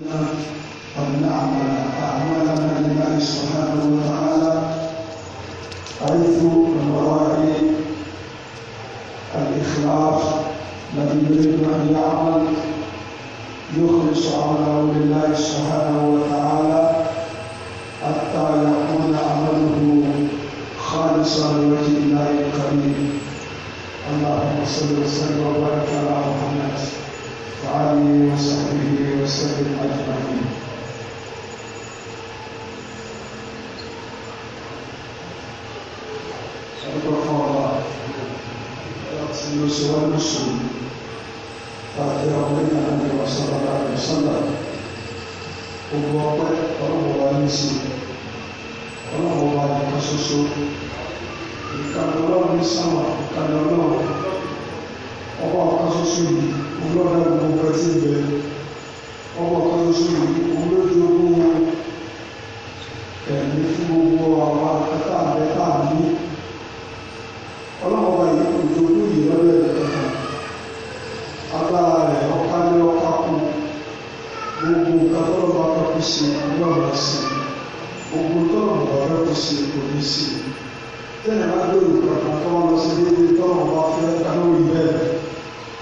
ومن أعمل أعمالنا لله سبحانه وتعالى حيث من وراء الإخلاص الذي يريد أن يعمل يخلص عمله لله سبحانه وتعالى حتى يكون عمله خالصا لوجه الله الكريم اللهم صل وسلم وبارك على محمد وآله وصحبه وسلم أجمعين سوى المسلم فأتي ربنا أن صلى الله عليه وسلم gbogbo ọpẹ́ ọlọ́wọ́ wa ní sí ọlọ́wọ́ wa nìkan ṣoṣo ìkànnì ọba ọ̀kan ṣoṣo yìí ọlọ́dà gbogbo ẹtí ìbẹ̀ ọba ọ̀kan ṣoṣo yìí olójoogun ẹ̀mí fún gbogbo àwọn akẹ́kọ̀ọ́ àbẹ́tà ní ọlọ́mọba yìí kò jogún yìí lọ́dọ̀ ẹ̀kẹ́kọ̀ọ́ agbára rẹ̀ ọ̀ká lé ọ̀ká kú gbogbo nǹkan tó lọ́ba kan fi ṣe ọlọ́ba sí gbogbo tó lọ́ba kan fi ṣe kò ní sí tẹ́lẹ̀ bá gbèrò kankan tó lọ sí déédéé tó lọ́ba fẹ́ kálórí bẹ́ẹ̀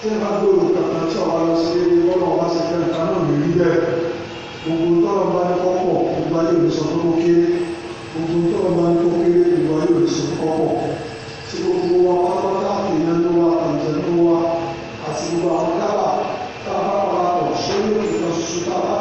tí ẹ bá gbòòrò kankan tí ọba lọ sí ilé bọ́lá ọba ṣe fẹ́ nǹkan náà lè rí bẹ́ẹ̀ gbogbo tọ́lọ̀ bá ní kọ́kọ́ gbogbo ayé ò sọ tó kéré gbogbo tọ́lọ̀ bá ní kó kéré gbogbo ayé ò sọ kọ́kọ́ tí gbogbo wa pátápátá ìyẹn ló wà àjẹ ló wà àti gbogbo àwọn dábà tábà parapọ̀ sórí ìtọ́sùn tábà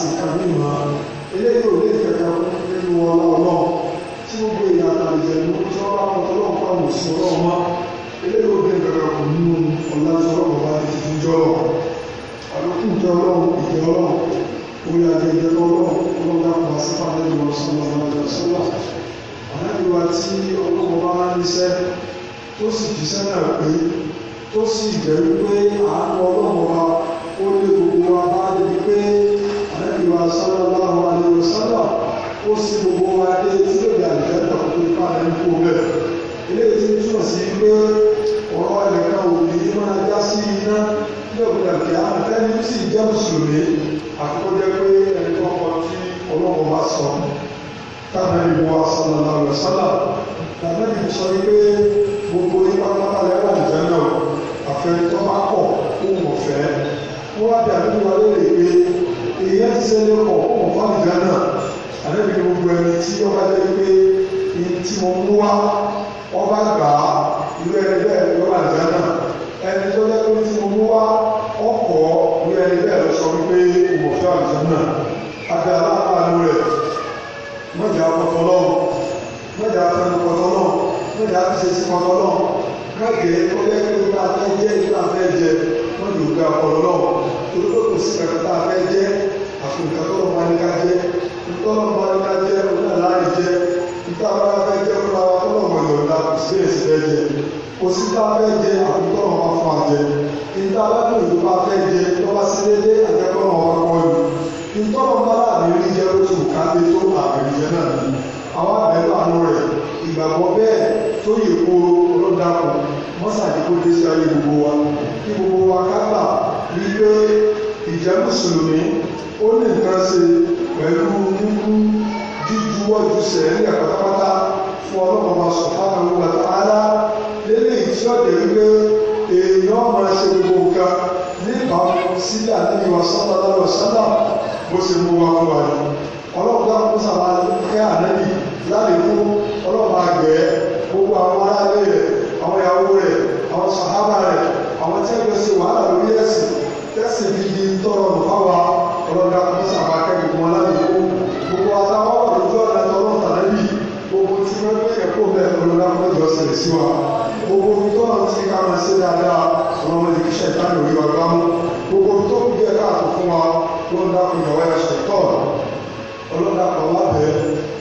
sí nǹkan ní ìmọ̀ eléyìí ò lè kẹta nínú ọlá ọlọ́run tí ó gbé ìyá àtàlẹ̀ ìlú tí wọ́n bá wọn tọ́lọ́ pa wò sí ọlọ́run mọ́ eléyìí ò lè kẹta kò nínú ọlá tí ọlọ́run bá ti fi jọ àlòkùn jẹ ọlọ́run ìjẹ ọlọ́run orí àjẹjẹ ọlọ́run ọlọ́run dàpọ̀ sí pàdé ìwọ̀sán ọlọ́run ọjọ́ sọ́lá àdáyéwá tí ọlọ́run bá ń ríṣẹ́ tó sì jíṣẹ́ náà pé tó sì jẹ́ wípé àánú ọlọ́run wa ó lé gbogbo wa bá débi pé àlẹ́bí wa sallallahu alaihi wasallam ó sì gbogbo wa dé tí ó yà lẹ́yìn náà tó fà ní kú bẹ́ẹ̀. eléyìí ti túmọ̀ sí pé ọ̀rọ̀ ẹ̀ka òbí máa já sí iná lẹ́kùnrin àti àtẹ́ni sì jẹ́ mùsùlùmí àkọ́kọ́ jẹ́ pé ẹni tó kọ tí ọlọ́run wa sọ táwọn ẹni wa sallallahu alaihi wasallam tàbí ẹni sọ pé gbogbo ipa pátá lẹ́wọ̀n ìjẹ́ náà wọ́n wá bí àdúgbò wa lórí èyí ti sẹ́lẹ̀ kọ̀ ọ̀pọ̀ fáwọn gánà àdébí ni gbogbo ẹni tí ọba jẹ́ pé ní tí mo mú wá ọba gbà á irú ẹni bẹ́ẹ̀ ló wà gánà ẹni tó jẹ́ pé tí mo mú wá ọkọ̀ irú ẹni bẹ́ẹ̀ ló sọ wípé òwò fẹ́ àlùjọ́nà abẹ́ aláàánú rẹ̀ mọ̀jà ọkọ̀ tọ́lọ́ mọ̀jà afẹnukọ̀ tọ́lọ́ mọ̀jà afẹsẹsẹ kọ̀ tọ́lọ́ kájẹ ọjọ́ ìlú tá a fẹ́ jẹ́ ìlú tá a fẹ́ jẹ wọ́n lù ga ọ̀rọ̀ náà torí pé kò sí kàkà tá a fẹ́ jẹ́ àfòǹkà tó lọ́ọ́ máa ní ká jẹ́ nítorí lọ́ọ́ máa ní ká jẹ́ ọ̀nà láì jẹ́ níta bá fẹ́ jẹ́ ọ̀nà wa tó lọ́ọ́ mọ̀ ìyọ̀nda kò sí èsì fẹ́ jẹ kò sí tá a fẹ́ jẹ àfòǹkà wọn máa fún àjẹ níta bá tó ìlú bá fẹ́ jẹ tó bá sí dédé àjẹkọ́ wọn wá kọ́ ni nítorí wọn bá láàrin jẹ́ oṣù ká ìgbàgbọ́ bẹ́ẹ̀ tó yè kóró ọlọ́dàkùn mọ́sàdínkù dé sí ayé gbogbo wa kí gbogbo wa ká gbà rí pé ìjẹ́ mùsùlùmí ó ní nǹkan ṣe pẹ̀lú kíkú jíjuwọ́jú sẹ̀ríà pátápátá fún ọlọ́run wa sọ̀tàn wa tààlà lélẹ̀ tí ọ̀dẹ̀ wípé èèyàn máa ṣe gbogbo nǹkan níbàámu sílẹ̀ àti ìwà sọ́tàn lọ́wọ́ sọ́tàn bó ṣe mú wa fún wa ni ọlọ́pàá kó sàmà kẹ́ ànábì lálẹ́kún ọlọ́pàá àgbẹ̀ gbogbo àwọn aráàlú rẹ̀ àwọn ìyàwó rẹ̀ àwọn sàhábà rẹ̀ àwọn tí wọ́n ṣe wàhálà lórí ẹ̀sìn tẹ́sí fi di tọrọ nùfáwà ọlọ́dà kó sàmà kẹ́ gbogbo lálẹ́kún gbogbo àtàwọn wà lójú ọ̀nà tọrọ tànábì gbogbo tí wọ́n gbé ẹ̀kọ́ bẹ́ẹ̀ ọlọ́dà kó jọ sẹ̀rẹ̀ sí wa gbogbo omi tó wọn ti ká wọn ṣe dáadáa wọn wọn lè kíṣẹ́ ìtàn lórí ọgbà mú gbogbo omi tó kú bí ẹ̀ka àtọ̀ fún wa ló ń dákun ìyàwó ẹ̀ṣẹ̀ tọ́ọ̀ ọlọ́dà kan lábẹ́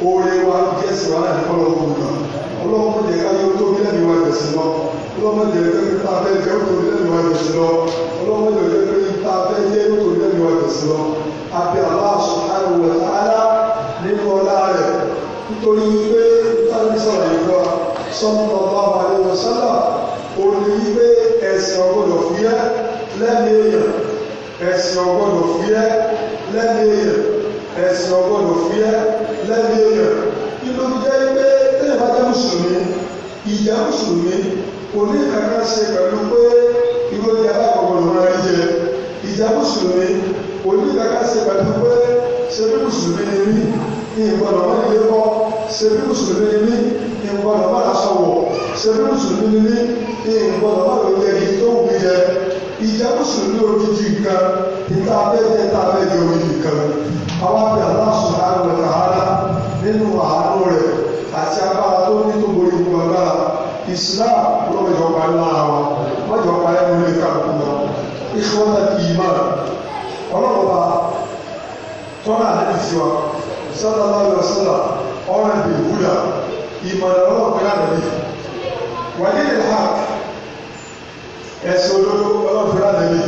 oore wa díẹ̀ sí wàhálà ní kọ́lọ́ ògùn náà ọlọ́mọ jẹ ká yóò tóbi lẹ́nu wa jẹ̀ sí lọ ọlọ́mọ jẹ ká yóò tá a fẹ́ jẹ́ yóò tóbi lẹ́nu wa jẹ̀ lọ ọlọ́mọ jẹ ká yóò tá a fẹ́ jẹ́ yóò tóbi lẹ́nu wa jẹ̀ sí lọ abẹ́ Allah subhanahu wa ta'ala nínú ọlá rẹ̀ nítorí wípé tábí sọ̀rọ̀ yìí lọ sallallahu alaihi wasallam òní wípé ẹ̀sìn ọgbọ́dọ̀ fúyẹ́ lẹ́nu èèyàn ẹ̀sìn ọgbọ́dọ̀ fúyẹ́ lẹ́nu èèyàn ẹ̀sìn ọgbọ́dọ̀ fúyẹ́ lẹ́nu èèyàn kí ló jẹ́ pé tẹ́lẹ̀ bá jẹ́ mùsùlùmí ìjà mùsùlùmí kò ní kankan ṣe pẹ̀lú pé ìwé ìjà bá gbọ́dọ̀ máa rí jẹ ìjà mùsùlùmí kò ní kankan ṣe pẹ̀lú pé ṣe bí mùsùlùmí ni mí ní ìgbọ́dọ̀ máa yé kọ́ ṣe bí mùsùlùmí ni mí ní ìgbọ́dọ̀ máa sọ̀wọ̀ ṣe bí mùsùlùmí ni mí ní ìgbọ́dọ̀ máa lò ìjẹ́ mùsùlùmí òjijì kan ìta abẹ́jẹ́ ìta abẹ́jẹ́ òjijì kan àwọn abẹ́ aláṣọ àwọn ọ̀tàhálà nínú àánú rẹ̀ àti agbára tó ní tó borí gbogbo agbára Islam ló mẹjọ parí lára wa mẹjọ parí nínú ilé kàkú wa ìṣọ́nà ìmọ̀ ọlọ́mọba tọ́nà àti tiwa sọ́dọ̀ lọ́wọ́ sọ́dọ̀ ọ̀rẹ́ bèbúdà ìmọ̀ ọlọ́mọba yára bí wàdí lè hàkì ẹ̀sìn olóró ọlọ́fẹ́rẹ́ àlẹ́lẹ́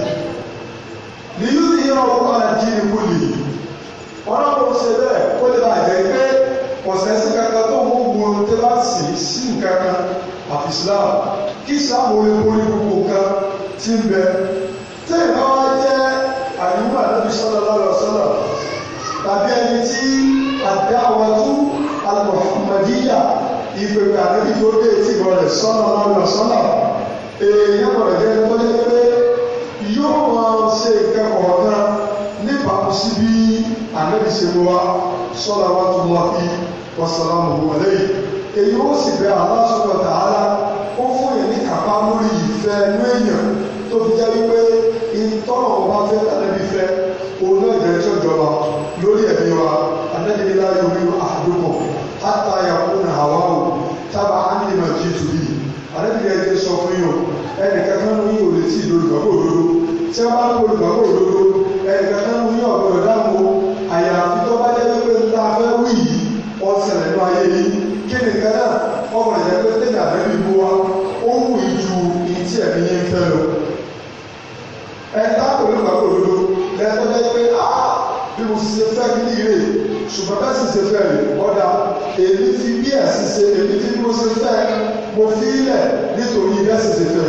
nínú ìyẹn ọ̀pọ̀ àti ìwúlì ọlọ́run ṣe bẹ́ẹ̀ kó lè bá jẹ́ pé ọ̀sẹ̀ sí kankan tó mú wọn tẹ́ bá sì sí nǹkan kan àfi Islam kí Islam orí borí gbogbo nǹkan ti ń bẹ tẹ́ ìbá wá jẹ́ àdúgbò àdébí sallallahu alaihi wasallam tàbí ẹni tí àdáwọ̀tú al-Muhammadiyya ìpèpè àdébí tó dé tí ìbọn rẹ̀ sallallahu alaihi wasallam èèyàn gbọ́dọ̀ jẹ́ ẹni tó jẹ́ pé yóò máa ṣe nǹkan kọ̀ọ̀kan níbàámu sí bí ànábìsẹ̀rù wa sọ́la wa tó máa fi wàsálàmù wọlé yìí èyí ó sì bẹ Allah subhanahu wa ta'ala ó fún yẹn ní kápá lórí ìfẹ́ inú èèyàn tó fi jẹ́ wípé ìtọ́nà ọba fẹ́ tàbí fẹ́ òun náà jẹ́ tí ó jọba lórí ẹ̀mí wa anábìlélá yóò rí àdókò hátà yàkúnà àwáwò tábà ánìmọ̀ jìtù àdébìyẹ ẹjẹ sọ fún yìí o ẹnìkan kan ní yìí ò lè tí ì lólùgbàgbọ́ òdodo tí wọ́n bá ń lólùgbàgbọ́ òdodo ẹnìkan kan ní ọ̀gbọ̀n dáhùn àyàfi tó bá jẹ́ pé ńlá fẹ́ wí yìí ọ̀sẹ̀lẹ̀ ló ayé yìí kí nìkan náà ọmọ ìyá pé tẹ̀lé àbẹ́bí bó wa ó wù í ju ìtí ẹ̀mí yẹn fẹ́ lọ. ẹ̀ta olùgbàgbọ́ òdodo lẹ́tọ́ jẹ́ pé á bí mo ṣe fẹ́ kí ní ilé ṣùgbọ́n bẹ́ẹ̀ sì ṣe fẹ́ rè ọ̀dà èmi fi bí ẹ̀sìn ṣe èmi fi bí mo ṣe fẹ́ mo fi ilẹ̀ nítorí ìrẹsì ti fẹ́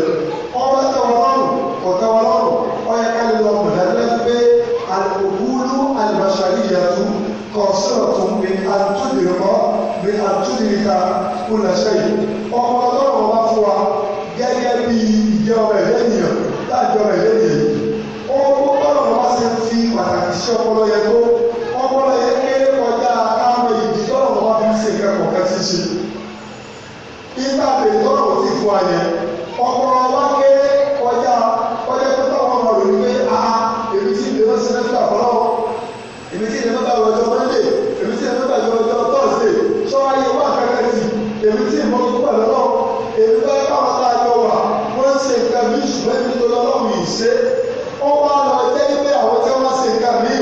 ọba tẹwọn lọ́rùn ọ̀tẹwọn lọ́rùn ọyẹ kálí lọ mọ̀dájúdájú pé àlùkùkúlù àlùbáṣàlìyàtú kọ̀ọ̀sọ̀rọ̀ tó ń gbé àtúndìrìkọ́ gbé àtúndìrìkà kúnlẹ̀ṣẹ́ yìí ọmọ ọlọ́run ọba fún wa gẹ́gẹ́ bí ìjẹ́ ọmọ ẹ̀yẹ́ ènìyàn láàjọ ọmọ ẹ̀yẹ́ ènìyàn ọmọ ọlọ́run ọba ṣe fi pàtàkì sí ọpọlọ yẹn tó ọpọlọ yẹn kéré kọjá káwọn ìdí tọ́lọ̀ ọba fi ń ṣe kẹ́kọ̀ọ́ kẹ́sí ṣe nígbà tó ìtọ́nà ò ti fún wa yẹn ọpọlọ wa kéré kọjá kọjá tó táwọn ọmọ rẹ wípé a èmi ti dènà sinẹ́tì àfọlọ́wọ́ èmi ti dènà bá lọ́jọ́ mọ́ndé èmi ti dènà bá lọ́jọ́ tọ́sídé sọ́wáyé wà kẹ́kẹ́ sí èmi ti mọ tó pẹ̀lú lọ èmi bá káwọn tá a jọ wà wọ́n ń ṣe nǹkan bí ṣùgbọ́n èmi tó lọ́wọ́ mi ṣe ó wá lọ jẹ́ pé àwọn tí wọ́n ṣe nǹkan mí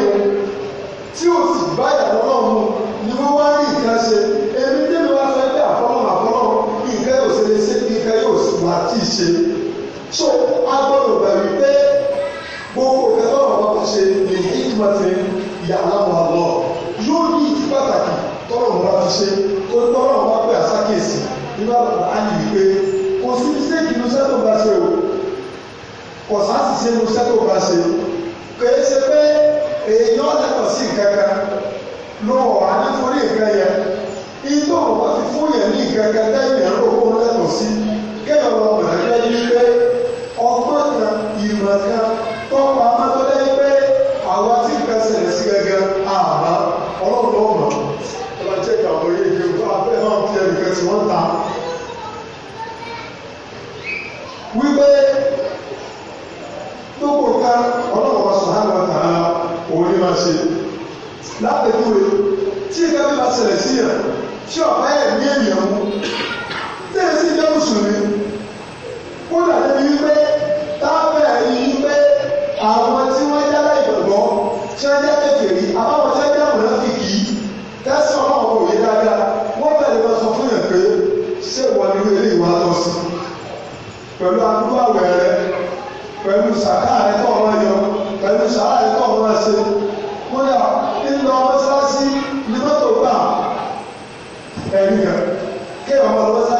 tí ò sì bá ìyàwó náà mu ni wọ́n wá rí nǹkan ṣe yìí ṣe so a gbọ́dọ̀ gbà wípé gbogbo kẹtọ́ ọ̀rọ̀ bá ṣe lè hikma ti yàrá wọn lọ yóò ní ìdí pàtàkì tọ́lọ̀ wọn bá ṣe tó tọ́lọ̀ wọn bá pè àsákèsì nígbà bàbá á yìí pé kò sí mistake ló sẹ́tò bá ṣe o kò sáàsì ṣe ló sẹ́tò bá ṣe kèé ṣe pé èèyàn lẹ́tọ̀ sí kankan lọ́wọ́ àdéfórí nǹkan yẹn ìtọ́ wọn bá ti fún yẹn ní kankan tẹ́yìn ẹ̀rọ kéèyàn lọ mọ̀ ẹ́ lẹ́yìn pé ọgbọ́n kan ìmọ̀ kan tó pa amátọ́lẹ́ pé àwọn tí ń fẹsẹ̀ sí gẹ́gẹ́ àbá ọlọ́run ló mọ̀ ọba jẹ́ ìgbàgbọ́ yé ìgbé òkú abẹ́ náà fi ẹnìkan tí wọ́n ta. wípé gbogbo nǹkan ọlọ́run wa sọ̀hánà tà á òun ní máa ṣe lápẹ̀júwe tí ìgbà bí máa ṣẹlẹ̀ sí yàn tí ọ̀pá ẹ̀ ní èèyàn mú tẹ́lẹ̀ sí ìjọ́ mùsùlùmí kódà débi wípé tábẹ́ àyè wípé àwọn tí wọ́n jẹ́ aláìgbàgbọ́ tí wọ́n jẹ́ kékeré àbáwọn tí wọ́n jẹ́ àwòrán fi kì í tẹ́sán ọlọ́run kò yé dáadáa wọ́n bẹ̀rẹ̀ lọ sọ fún yẹn pé ṣé ìwà ni wọ́n eléyìí wá lọ sí pẹ̀lú àdúgbò àwẹ̀ rẹ pẹ̀lú sàkà rẹ tó ọmọ yọ pẹ̀lú sàrà rẹ tó ọmọ ṣe kódà ńlọ mọ́sálásí ní mọ́tò gbà ẹ̀yìn kéèyàn ọmọ lọ́sá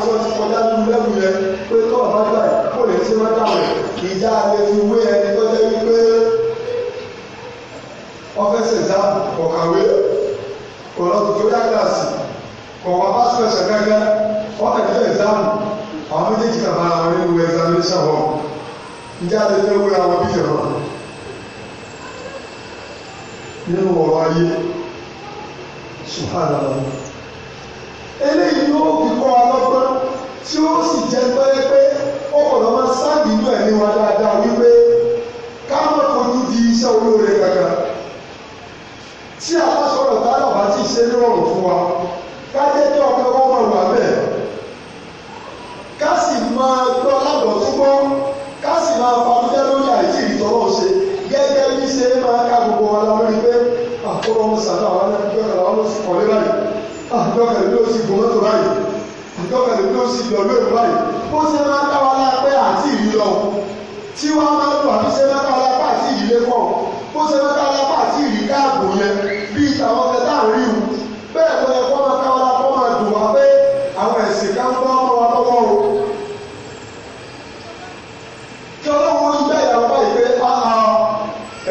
tí wọ́n ti kọjá nínú lẹ́bù yẹn pé tó ọ̀bá gbà kó lè ṣe máa dàwẹ̀ ìjà lè fi wé ẹni tó jẹ́ wípé ọ́fẹ́sì ìjà kọ̀kàwé kò lọ tutorial class kò wá pásítọ̀ ẹ̀sẹ̀ gẹ́gẹ́ ọ́kàdíjọ́ exam àwọn méjèèjì kàbá àwọn nínú examination hall ìjà lè fi wé àwọn bíi ìrọ̀ nínú ọ̀rọ̀ ayé subhanallah eléyìí yóò fi kọ́ wa lọ́gbọ́n tí ó sì jẹ́ pẹ́rẹ́ pé ọkọ̀lọ́ máa sáàdì inú ẹ̀mí wa dáadáa wípé ká má fojú di iṣẹ́ olóore kankan tí a bá sọ̀rọ̀ tálà bá ti ṣe nírọ̀rùn fún wa ká jẹ́ kí ọkọ̀ wọn máa wà bẹ́ẹ̀ ká sì máa gbọ́ lábọ̀ túbọ̀ ká sì máa famúlẹ́ lórí àìsí ìtọ́wọ́ ṣe gẹ́gẹ́ bí ṣe máa ká gbogbo wa lórí pé àkóró ọmọ sàdá àwọn ẹgbẹ́ ọ̀la ọlọ́sùn kọ́lé báyìí àjọkà ní ó sì gbọmọtò báyìí àjọkà ní ó sì lọ lóyún báyìí bó ṣe máa dá wa lápẹ́ àti ìlú lọ tí wọ́n máa lò àbí ṣe máa dá wa lápẹ́ àti ìlú lẹ́kọ̀ọ́ bó ṣe máa dá wa lápẹ́ àti ìlú káàbò yẹn bí ìtàwọn fẹ́ tá à ń rí o bẹ́ẹ̀ ló yẹ kó máa dá wa lápẹ́ máa dùn wá pé àwọn ẹ̀sìn ká ń bọ́ ọmọ wa lọ́wọ́ o. kí ọlọ́run ó gbẹ́ ìyàwó báyìí pé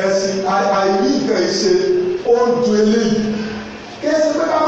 ẹ̀sìn àìní ìfẹ́ ìṣe ó ń du eléyìí kí ẹ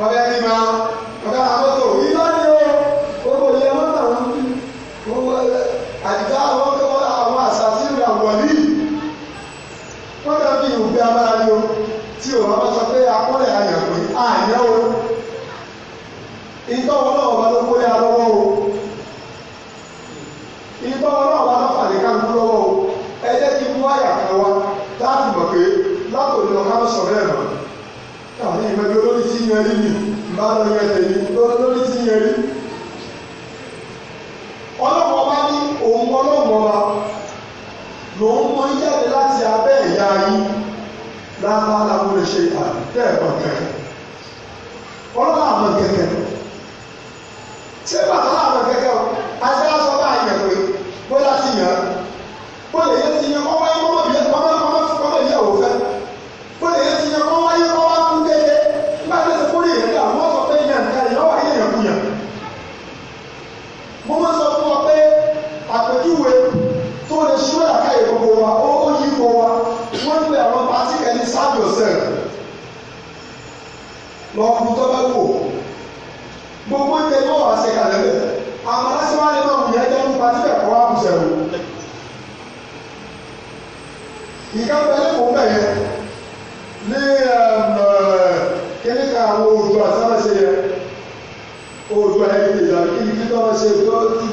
wọ́n fẹ́ bí máa wọ́n fẹ́ àwọn mọ́tò iná ni ó gbogbo iye mọ́tò àwọn gbogbo àdìgá àwọn àwọn àṣàṣì rà wọ̀lí wọ́n fẹ́ bí ìwúgbé abára ni ó tí ò o ìtọ́ wọn náà wọ́n ló o ìtọ́ wọn náà wọ́n ló fàlẹ́ o ẹ jẹ́ kí mú àyà kan wá láti mọ̀ pé látòlú ọ̀ká sọ̀rọ̀ ẹ̀ mọ̀ káwọn yẹn rí mi bá lọ yẹn tẹ̀lé lórí tí yẹn rí. ọlọ́wọ́ bá ní òun ọlọ́wọ́ wa lòun mọ jáde láti abẹ́ ìyá yín lábá làwọn olè ṣe àtẹ̀ẹ̀kọ̀ kẹ̀kẹ́ ọlọ́wọ́ àmọ̀ kẹ̀kẹ́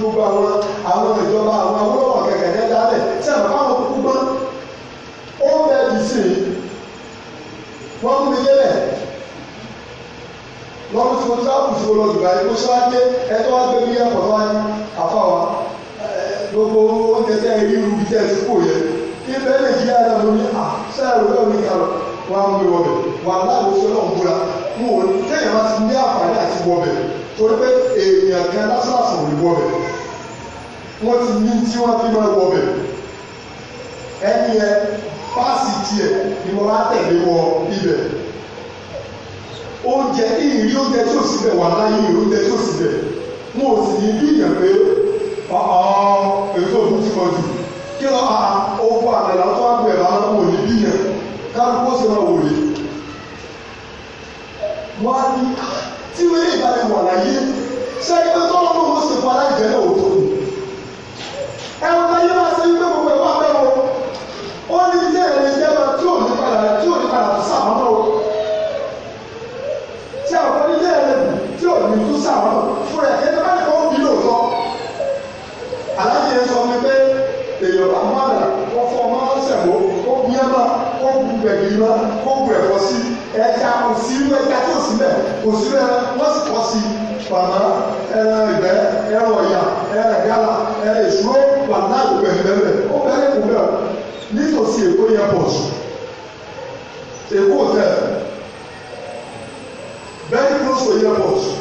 gbogbo àwọn àwọn ìjọba àwọn awúrọ̀wọ̀ kẹ̀kẹ́ ní dálẹ̀ tí àwọn fáwọn kúkú gbọ́n ó bẹ̀rẹ̀ sí i wọ́n mú mi délẹ̀ lọ́rùn tí mo ti sáàpù sí olóògbé báyìí mo ṣe wá dé ẹjọ́ wá gbé bí ẹ̀kọ́ wá ní àfáwa gbogbo oúnjẹ tẹ́ ẹ rí irú bí tẹ́ ẹ ti kò yẹ kí bẹ́ẹ̀ nàìjíríà náà mo ní à sáà rẹ̀ lọ́ọ̀ ní kàrọ̀ wá mú mi wọlé wà láàbò fẹ́ náà ń búra mo ò ní kéèyàn bá ti ní àǹfààní àti wọbẹ̀ torí pé èèyàn kan lásìlásì ò ní wọbẹ̀ wọ́n ti ní tí wọ́n fi máa wọbẹ̀ ẹni yẹn páàsì tiẹ̀ ni mo bá tẹ̀lé wọ ibẹ̀ oúnjẹ ìrírí oúnjẹ tí ò síbẹ̀ wà láyé ìrírí oúnjẹ tí ò síbẹ̀ mo ò sì ní bí ìyàn pé èyí tó fún ti kọ jù kí lọ́ọ́ owó àtẹ̀lá tó wá gbẹ̀rẹ̀ àwọn òní bí ìyàn kálukú ó sì máa wòlé wọ́n á ní tí wọ́n yé ìbálẹ̀ wọ̀ láyé ṣé ẹni pé tọ́lọ́ ló ń ṣe fún aláìjẹ́ náà òótọ́ ni. ẹ̀rọ ayé máa ṣe wípé gbogbo ẹ̀kọ́ abẹ́ wọn ó ní jẹ́ ẹ̀rẹ́ jẹ́ máa tí ò ní padà tí ò ní padà tó sàmọ́nà o. tí àwọn ọmọdé jẹ́ ẹ̀rẹ́ tí ò ní tó sàmọ́nà fúnra ẹ̀ ẹ̀dá báyìí kọ́ bí lóòótọ́. aláìjẹ́ sọ mi pé èèyàn bá mọ́ àdà kó fọ́ ọmọ sẹ̀wó kó gbìyànjú kó gbù ẹja òsì inú ẹja tó sí mẹ òsì inú ẹran wọn sì pọ̀ sí pàmò ẹran ìgbẹ́ ẹran ọ̀yà ẹran gala ẹran èsúró wà láàyè bẹ̀rẹ̀ ó bẹ̀rẹ̀ kù bẹ̀rẹ̀ nítòsí èkó yẹn pọ̀ sí èkó tẹ̀ bẹ́ẹ̀ ló sọ yẹn pọ̀ sí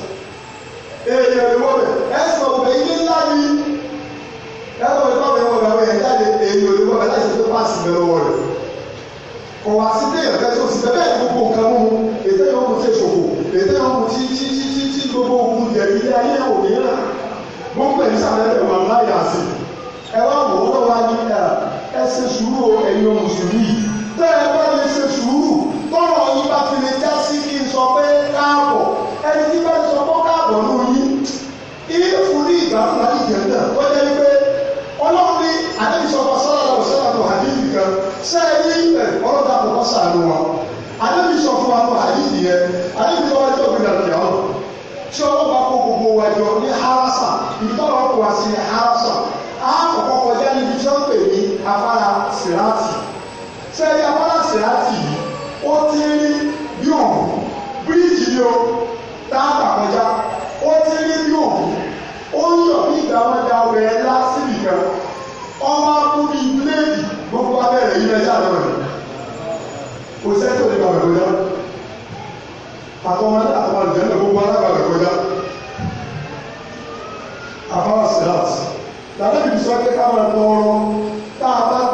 èèyàn ló wọ̀ bẹ̀ ẹ̀sán ọ̀bẹ ilé ńlá ni ẹ̀rọ ìfọ̀bẹ̀ wọ̀ bẹ̀ àwọn èèyàn jáde èèyàn ló wọ̀ tó pàṣẹ bẹ̀ lọ́wọ́ ọ̀wà sí téèyàn fẹ́ tó sì fẹ́ bẹ́ẹ̀ gbogbo nǹkan mú ètò ìwọ̀n mú tí èṣòfò ètò ìwọ̀n mú tí tí tí tí tí gbogbo ogun yẹ ilé ayé òní náà gbogbo ẹ̀mí sàmẹ́lẹ̀ wà láyà sí ẹ wá wò ó lọ́wọ́ ní ẹ ẹ ṣe sùúrù ẹ̀yin mùsùlùmí tẹ́ ẹ bá lè ṣe sùúrù tọ́rọ̀ yín bá fi lè já sí kí n sọ pé káàbọ̀ ẹni tí bá sọ pé káàbọ̀ ló yín ilé fún ní ìgbà fún láti jẹ̀ náà ó jẹ́ pé ọlọ́run ní àdébísọ́fà sẹ́ẹ̀rí ọlọ́dà tó bá sàánú wọn adébí sọ fún wa ló àyíṣì yẹ adébí tó wá jọ òbí dàbí ọ̀rọ̀ tí ọlọ́ bá kó gbogbo wa jọ ní harasa ibi tó lọ́ọ́ kó wa sí ní harasa àkọ́kọ́ kọjá níbi tí wọ́n pè ní afárá sirati sẹ́ẹ̀rí afárá sirati yìí ó ti rí bí òun bíríìjì ni o tá a gbà kọjá ó ti rí bí òun ó ń yọ̀ bí ìgbà wọn àtọmọdé àtọmọdé jẹ́nà gbogbo alábàlẹ̀ kọjá àfáwà sílát tàbí ìbísọ́ pé káwọn tọrọ tá a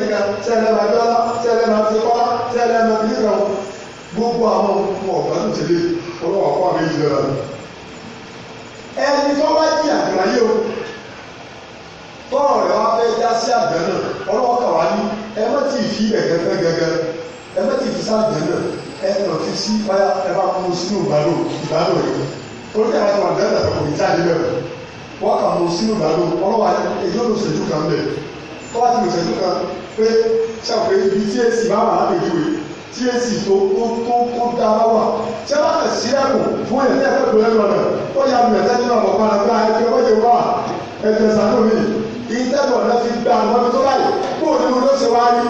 kìnìkà sẹ́lẹ̀ máa gbọ́lá sẹ́lẹ̀ máa fi kọ́lá sẹ́lẹ̀ máa fi kàn gbogbo àwọn ọmọ ọ̀gá ń tẹ̀lé ọlọ́wọ́ àpá mi yìí lọ́la. ẹni tó bá jí àgbáyé o tọ́rọ̀ rẹ̀ wá fẹ́ já sí àgbẹ̀ náà ọlọ́wọ́ kà wá ní ẹ má ti fi ẹ̀gẹ́ fẹ́ gẹ́gẹ́ ẹ má ti fi sáàgbẹ̀ náà ẹ má fi sí báyà ẹ má kó sínú ìbálò ìbálò rẹ̀ torí àwọn àti àgbẹ̀ náà kò ní jáde bẹ̀rẹ̀ wọ́n kà mọ̀ sínú ìbálò ọlọ́wọ́ àti èyí ó tó bá ti lò ìṣẹ́jú kan pé ṣàpè ibi tí èsì bá wà lápèjú rẹ̀ tí èsì tó tó tó tó dá bá wà tí a bá tẹ̀ sílẹ̀kùn fún ẹ̀ ní ẹ̀fẹ́ ìpínlẹ̀ lọ́nà ó yà mí ẹ̀sẹ́jú náà mọ̀kàn náà gba ẹgbẹ́ wọ́n yẹ wá ẹ̀jẹ̀ sànú mi ìtẹ́gbọ̀n náà fi gba àwọn ọmọ tó báyìí kó o ní mo ló ṣe wá rí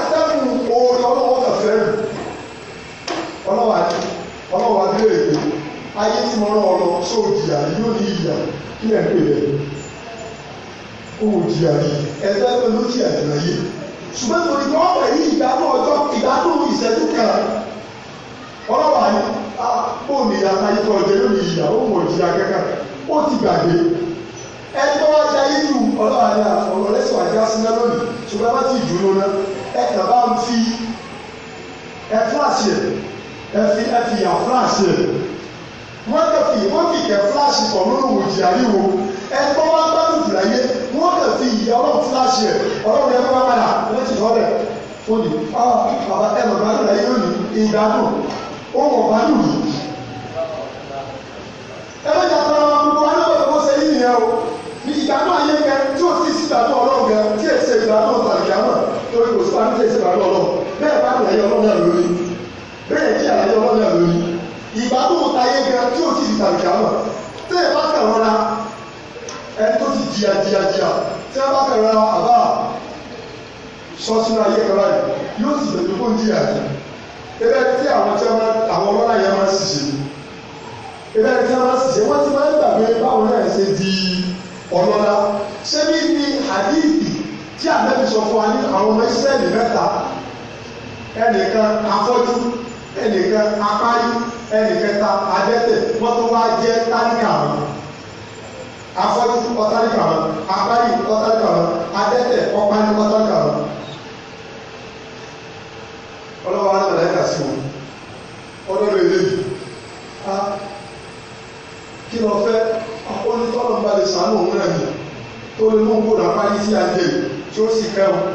atẹ́kùn oore ọlọ́wọ́ kàn fẹ́ rù ọlọ́wà ọlọ́wà bí èyí ayé tí mo rán ọ lọ sóòjì àyè yóò ní ìyà kí ẹ̀ ń pè é o ò jìyà yìí ẹgbẹ́ pé ló jìyà jìyà yìí ṣùgbọ́n torí pé ọ̀pọ̀ yìí ìgbádùn ọjọ́ ìgbádùn ìṣẹ́jú kan ọlọ́wà ni ah, ó ní àtàyè tó ọjọ́ yóò ní ìyà ó mọ̀ jìyà kẹ́kẹ́ ó ti gbàgbé ẹgbẹ́ wọn jẹ́ ayé ju ọlọ́wà ni ah, ọ̀rọ̀ lẹ́sìn àjá síná lónìí ṣùgbọ́n wọ́n ti dùn lónà ẹ kàn bá ń fi ẹ fúláṣì ẹ fi ẹ fi yà fúláṣì ẹ wọ́n kàn fi wọ́n fi kẹ́ fúláṣì pọ̀ lórí òwòjì àríwò ẹgbẹ́ wa gbádùn jù láyé wọ́n kàn fi ìyá ọlọ́run fúláṣì ẹ̀ ọlọ́run ẹgbẹ́ wa padà wọ́n ti lọ́ bẹ̀ wọ́n ní ah, bàbá ẹ̀ lọ́ọ́ gbádùn láyé lónìí ìgbádùn ó wọ̀ gbádùn yìí. ẹ bá jà fún ọmọ gbogbo wọn lọ́wọ́ tó ṣe yí nìyẹn o ní ìgbádùn ayé kẹ tí ò sí ìgbádùn ọlọ́run kẹ tí èsì ìgbádùn tàbíyàmọ̀ torí kò sí bá ń tẹ̀sí ìgbádùn ọlọ́run bẹ́ẹ̀ bá ìgbádùn táyé gan tí ò tí ì tàbíkà mọ̀ tẹ́ ẹ bá kẹ̀wọ́n ra ẹni tó ti jìyà jìyà jìyà tẹ́ ẹ bá kẹ̀wọ́n ra àbá sọ́sínú ayé kan báyìí yóò sì lè dúpọ̀ jìyà jìyà ebe tí àwọn tí wọn àwọn ọlọ́lá yẹn máa ń ṣiṣẹ́ ebe tí wọn máa ń ṣiṣẹ́ wọ́n ti máa ń gbàgbé báwọn náà ṣe di ọlọ́lá ṣé bí ní àdìsí tí àbẹ́bí sọ fún wa ní àwọn ọmọ ìsírẹ́lì mẹ́ta ẹnìkan afọ́jú ẹnìkan apáyú ẹnì kẹta adẹ́tẹ̀ wọ́n tún wá jẹ́ táníkà wọn afọ́jú ọ̀táníkà wọn apáyì ọ̀táníkà wọn adẹ́tẹ̀ ọ̀páyì ọ̀táníkà wọn. ọlọ́wọ́ á nàlẹ́ kà sí wọn ọlọ́rọ̀ eléyìí á kí lọ fẹ́ onítọ́lọ́ ń balẹ̀ sànú òun náà yìí tó lè mú gbòdò apáyì tí a jẹ tí ó sì fẹ́ wọn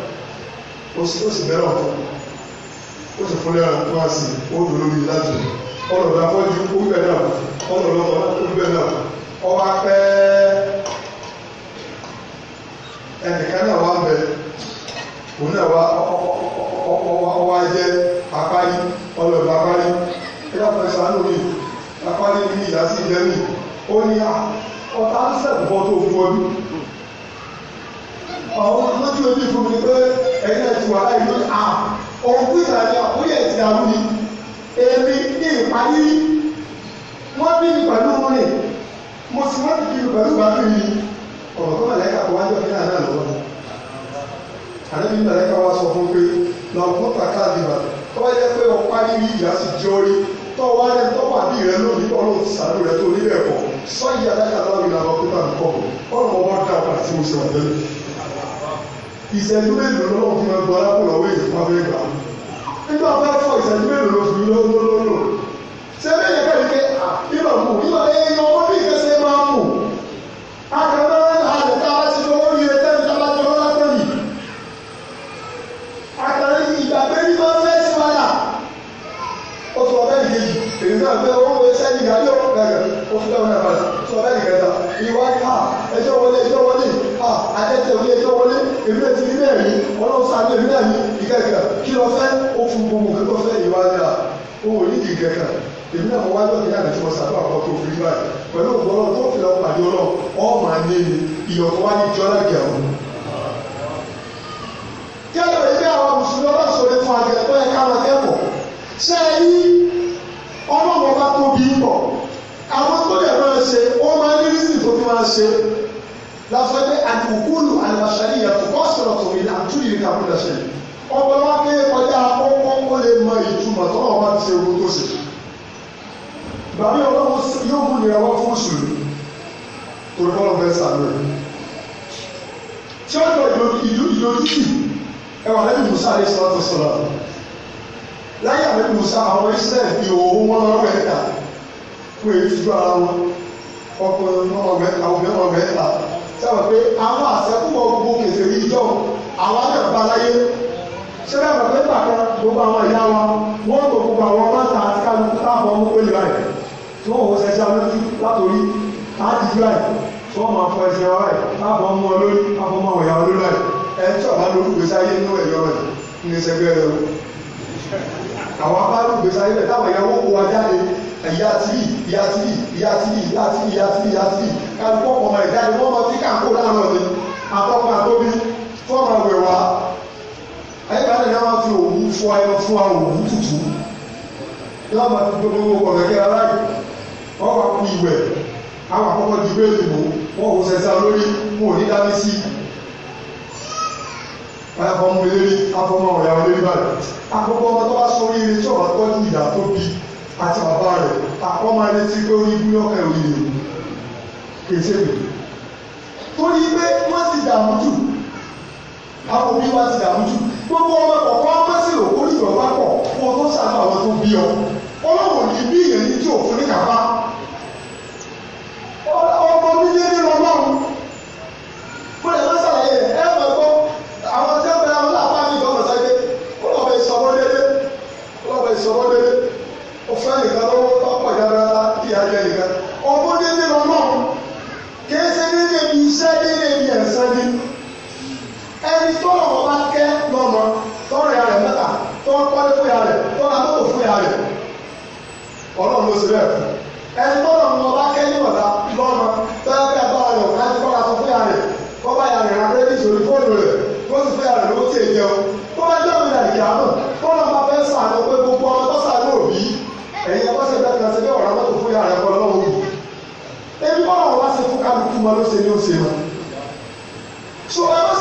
ó sì bẹ̀rẹ̀ ọ̀tọ̀ ó sì fúnlẹ̀ ọ̀tọ̀ wá sí i láti rẹ̀ ọ̀rọ̀ lọ afọ́jú kú bẹ́ẹ̀ náà ọ̀rọ̀ lọ ọ̀rọ̀ kú bẹ́ẹ̀ náà ọba pẹ́ ẹnìkan náà wà bẹ òun náà wà ọwọ́ ajẹ́ apáyí ọlọ́ọ̀bà apáyí ẹ̀yà pẹ̀sà lórí apáyí bí ìyá sí ìjẹ́rì ó ní ọ̀tá sẹ́kùbọ́ tó fún ọdún àwọn lójú ojú fún mi pé ẹ̀yà ti wà láì lórí à òun pípa ni àkúyẹ̀ ti dàrú ni èmi ní ìparí wọ́n bí ìpàdé rìn mo sì wọ́n bí ìpàdé bá fi ọ̀rọ̀ tó mọ̀lẹ́kà kó wájú ọ̀gbìn náà lọ́wọ́ àdébí mọ̀lẹ́kà wá sọ fún pé lọ́ọ̀kún tàkà dìbà tó wá jẹ́ pé ọ̀pá níbi ìyá sì jẹ́ orí tó wá ní tó wà bí rẹ lónìí ọlọ́run ti sàánú rẹ tó níbẹ̀ pọ̀ sọ́yìn adájọ́ àtàwọn ìlànà ọkùnrin náà kọ̀ ọ̀rọ̀ ọmọ dá ọ̀pá tí mo ṣe wà lẹ́nu ìṣẹ́jú mélòó lọ́wọ́ fún ẹgbẹ́ alákùnrin ọ̀wé ìfọ̀fẹ́ gbà nígbà wọn bá fọ ìṣẹ́jú mélòó ló fi lọ́wọ́ lọ́wọ́ ṣé bẹ́ẹ̀ yẹn kẹ́lí pé ìlọ̀ mú ìlọ̀ ẹ̀yìn ọmọ bí ìkẹsẹ̀ máa mú akẹ́kọ̀ọ́ àlẹ́ tá a bá ti lọ́wọ́ rí ẹtẹ́ mi tá a bá ti lọ́wọ́ látọ̀ yìí akẹ́kọ̀ọ́ ìgbàgbé ní máa fẹ́ sí wàhálà ó sọ bẹ́ẹ̀ yìí èyí náà fẹ́ owó ẹsẹ̀ nígbà yóò ó fi dáhùn náà balẹ̀ sọ bẹ́ẹ̀ nìkan ta ìwà ká ẹjọ́ wọlé ẹjọ́ wọlé à àjẹtẹ̀ òní ẹjọ́ wọlé èmi náà ti rí náà rí ọlọ́run sáà ní èmi náà ní ìkẹ́kẹ́ kí lọ fẹ́ ó fún gbogbo nǹkan tó fẹ́ ìwà ká òun ò ní ìkẹ́kẹ́ èmi náà wọ́n wá lọ́ọ̀kì náà tí wọ́n sàdó àwọn tó fi báyìí pẹ̀lú ògbọ́nà tó fi lọ́ọ́ pàdé ọlọ́ ọmọ ní ni ìyọ̀kọ́ wá ní jọ́lá gẹ̀ọ́ ṣe ó máa ní rísìn tó fi máa ṣe lásán pé àkùkùlù àlùbáṣárì yẹn kò kọ́ sọ̀rọ̀ tòun ní àtúnyì ní kàkúlẹ̀ ṣe ọgbọ́n wa pé kọjá ọkọ̀ ó lè mọ ìtumọ̀ tó wọ́n máa ti ṣe ogun tó ṣe bàbá ọlọ́run yóò mú ìrànwọ́ fún mùsùlùmí torí bọ́lá fẹ́ sàánú ẹ̀ tí ó lọ ìlú ìlú títì ẹwà lẹ́bi musa alẹ́ sọ́lá tó sọ́lá láyé àlẹ́bi musa àwọn israẹli ìhòòhò wọn lọ́rọ̀ ẹ̀ka fún èyí tó ara wọn ọkùnrin ọmọ mẹ́ta obìnrin ọmọ mẹ́ta sábà pé àwọn àṣẹkùbọ̀ gbogbo kèsè yìí jọ àwọn náà bá láyé ṣé bá bàbá ìgbà kan gbogbo àwọn ìyá wa wọ́n tó gbogbo àwọn mọ́ta àti kálukú táàbọ̀ ọmọ pẹ̀lú rẹ̀ tí wọ́n wọ́n ṣẹṣẹ́ lójú látòrí láti rẹ̀ tí wọ́n máa fọ ẹsẹ̀ rẹ̀ táàbọ̀ ọmọ olórí táàbọ̀ ọmọ ìyá olórí ẹ̀ tí ọ̀bá lórí gbèsè ayé nínú ẹ̀yọ rẹ̀ ní ìṣẹ́gbẹ́ rẹ̀ àwọn abá lórí gbèsè ayé rẹ̀ táwọn ìyàwó kó wa jáde ìyá tv ìyá tv ìyá tv ìyá tv ìyá tv ìyá tv kálukú ọkọ ọmọ ìdá ni wọn bá fi káńkó dáná ni àtọkùn àtọbí fọmọ wẹ wá ayébáyé náà wọn fi òwú fọ ẹnu fún wa òwú tutù yọọ ma fi gbogbo ọkọ kẹkẹ aláì wọn wà kú ìwẹ àwọn àkọ́kọ́ di ìwé ìdìbò wọn kò sẹsà lórí wọn ò ní dání sí afọmọ eléyìí afọmọ ọyàwó eléyìí báyìí àkọ́kọ́ ọmọ tó bá sọ orí ilé tí ọba tọ́jú ìyá tó bí àti bàbá rẹ̀ àkọ́mọ retí pé orí bí ọkọ̀ ìròyìn ìlú kéṣe mi. torí pé wọ́n ti dààmú jù àwọn òbí wa ti dààmú jù gbogbo ọmọ kọ̀ọ̀kan wọ́n orí ìwà wá pọ̀ kó o tó sàánú àwọn tó bí ọ ọlọ́wọ̀n kì bí ìyẹn ní tí òfin ní kàbá bẹ́ẹ̀ fún ẹni tọ́lọ̀ ń lọ bá kẹ́lí ọ̀dà lọ́mọ tọ́lá bí agbára rẹ̀ ọ̀gá ti kọ́ra sọ fún yàrá rẹ̀ kọ́ bá yàrá rẹ̀ abẹ́rẹ́ nítorí fóònù rẹ̀ kó sì fún yàrá lówó tí è jẹun kó bá jẹ́ òmìnira ìyá náà tọ́lọ̀ máa fẹ́ sàánú pé gbogbo ọmọ tó sàánú òbí ẹ̀yin ẹ̀kọ́ ṣe bẹ́ẹ̀ kan ṣe bí ọ̀rọ̀ mọ́tò fún yàrá ẹ̀kọ́ lọ́wọ́ òbí ebi bọ́lá wọn bá ṣe fún kálukú wọn ló ṣe ní òṣèlú so ẹ má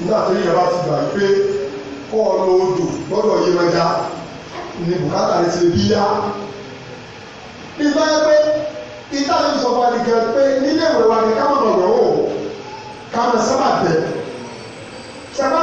nígbà tó yíyá bá ti gbà pé kọ́ ọ lọ odò lọ́dọ̀ Yemọja ni bùkátà rẹ ti bí yá. ìgbà yẹn pé ìta ní sọ̀rọ̀ àdìgẹ́ pé nílé ìwé wa ni káwọn ọ̀rọ̀ wò káwọn sábà bẹ̀. sábà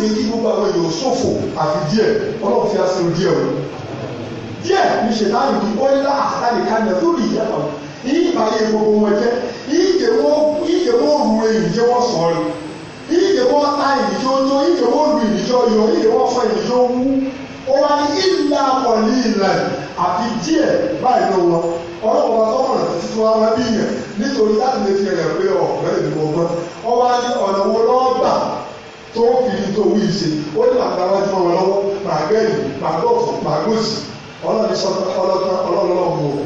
ṣe kí gbogbo àwọn èèyàn ṣòfò àfi díẹ̀ ọlọ́run fi aṣọ díẹ̀ o díẹ̀ ní ṣètàlù kí ọ́yìnlá àtàlẹ̀ kalẹ̀ lórí ìyàtọ̀ yìí ìbáyé gbogbo wọn jẹ́ ìyíjẹ wọn ìyíjẹ wọn ru ìyíjẹ wọn ta ìyíjẹ ọjọ́ ìyíjẹ lu ìyíjẹ ọyọ ìyíjẹ wọn fọ ìyíjẹ ọmú ọba ní ìlà ọ̀lì ìlà àfi díẹ̀ báyìí ló wọn ọlọ́wọ́ tó fi ní tó wí ṣe ó ní màá gbára jù wọn lọ́wọ́ màá gbẹ̀yìn màá gbọ̀fọ̀ màá gbòsì ọlọ́ni sọ́tọ́ ọlọ́tán ọlọ́lọ́mù o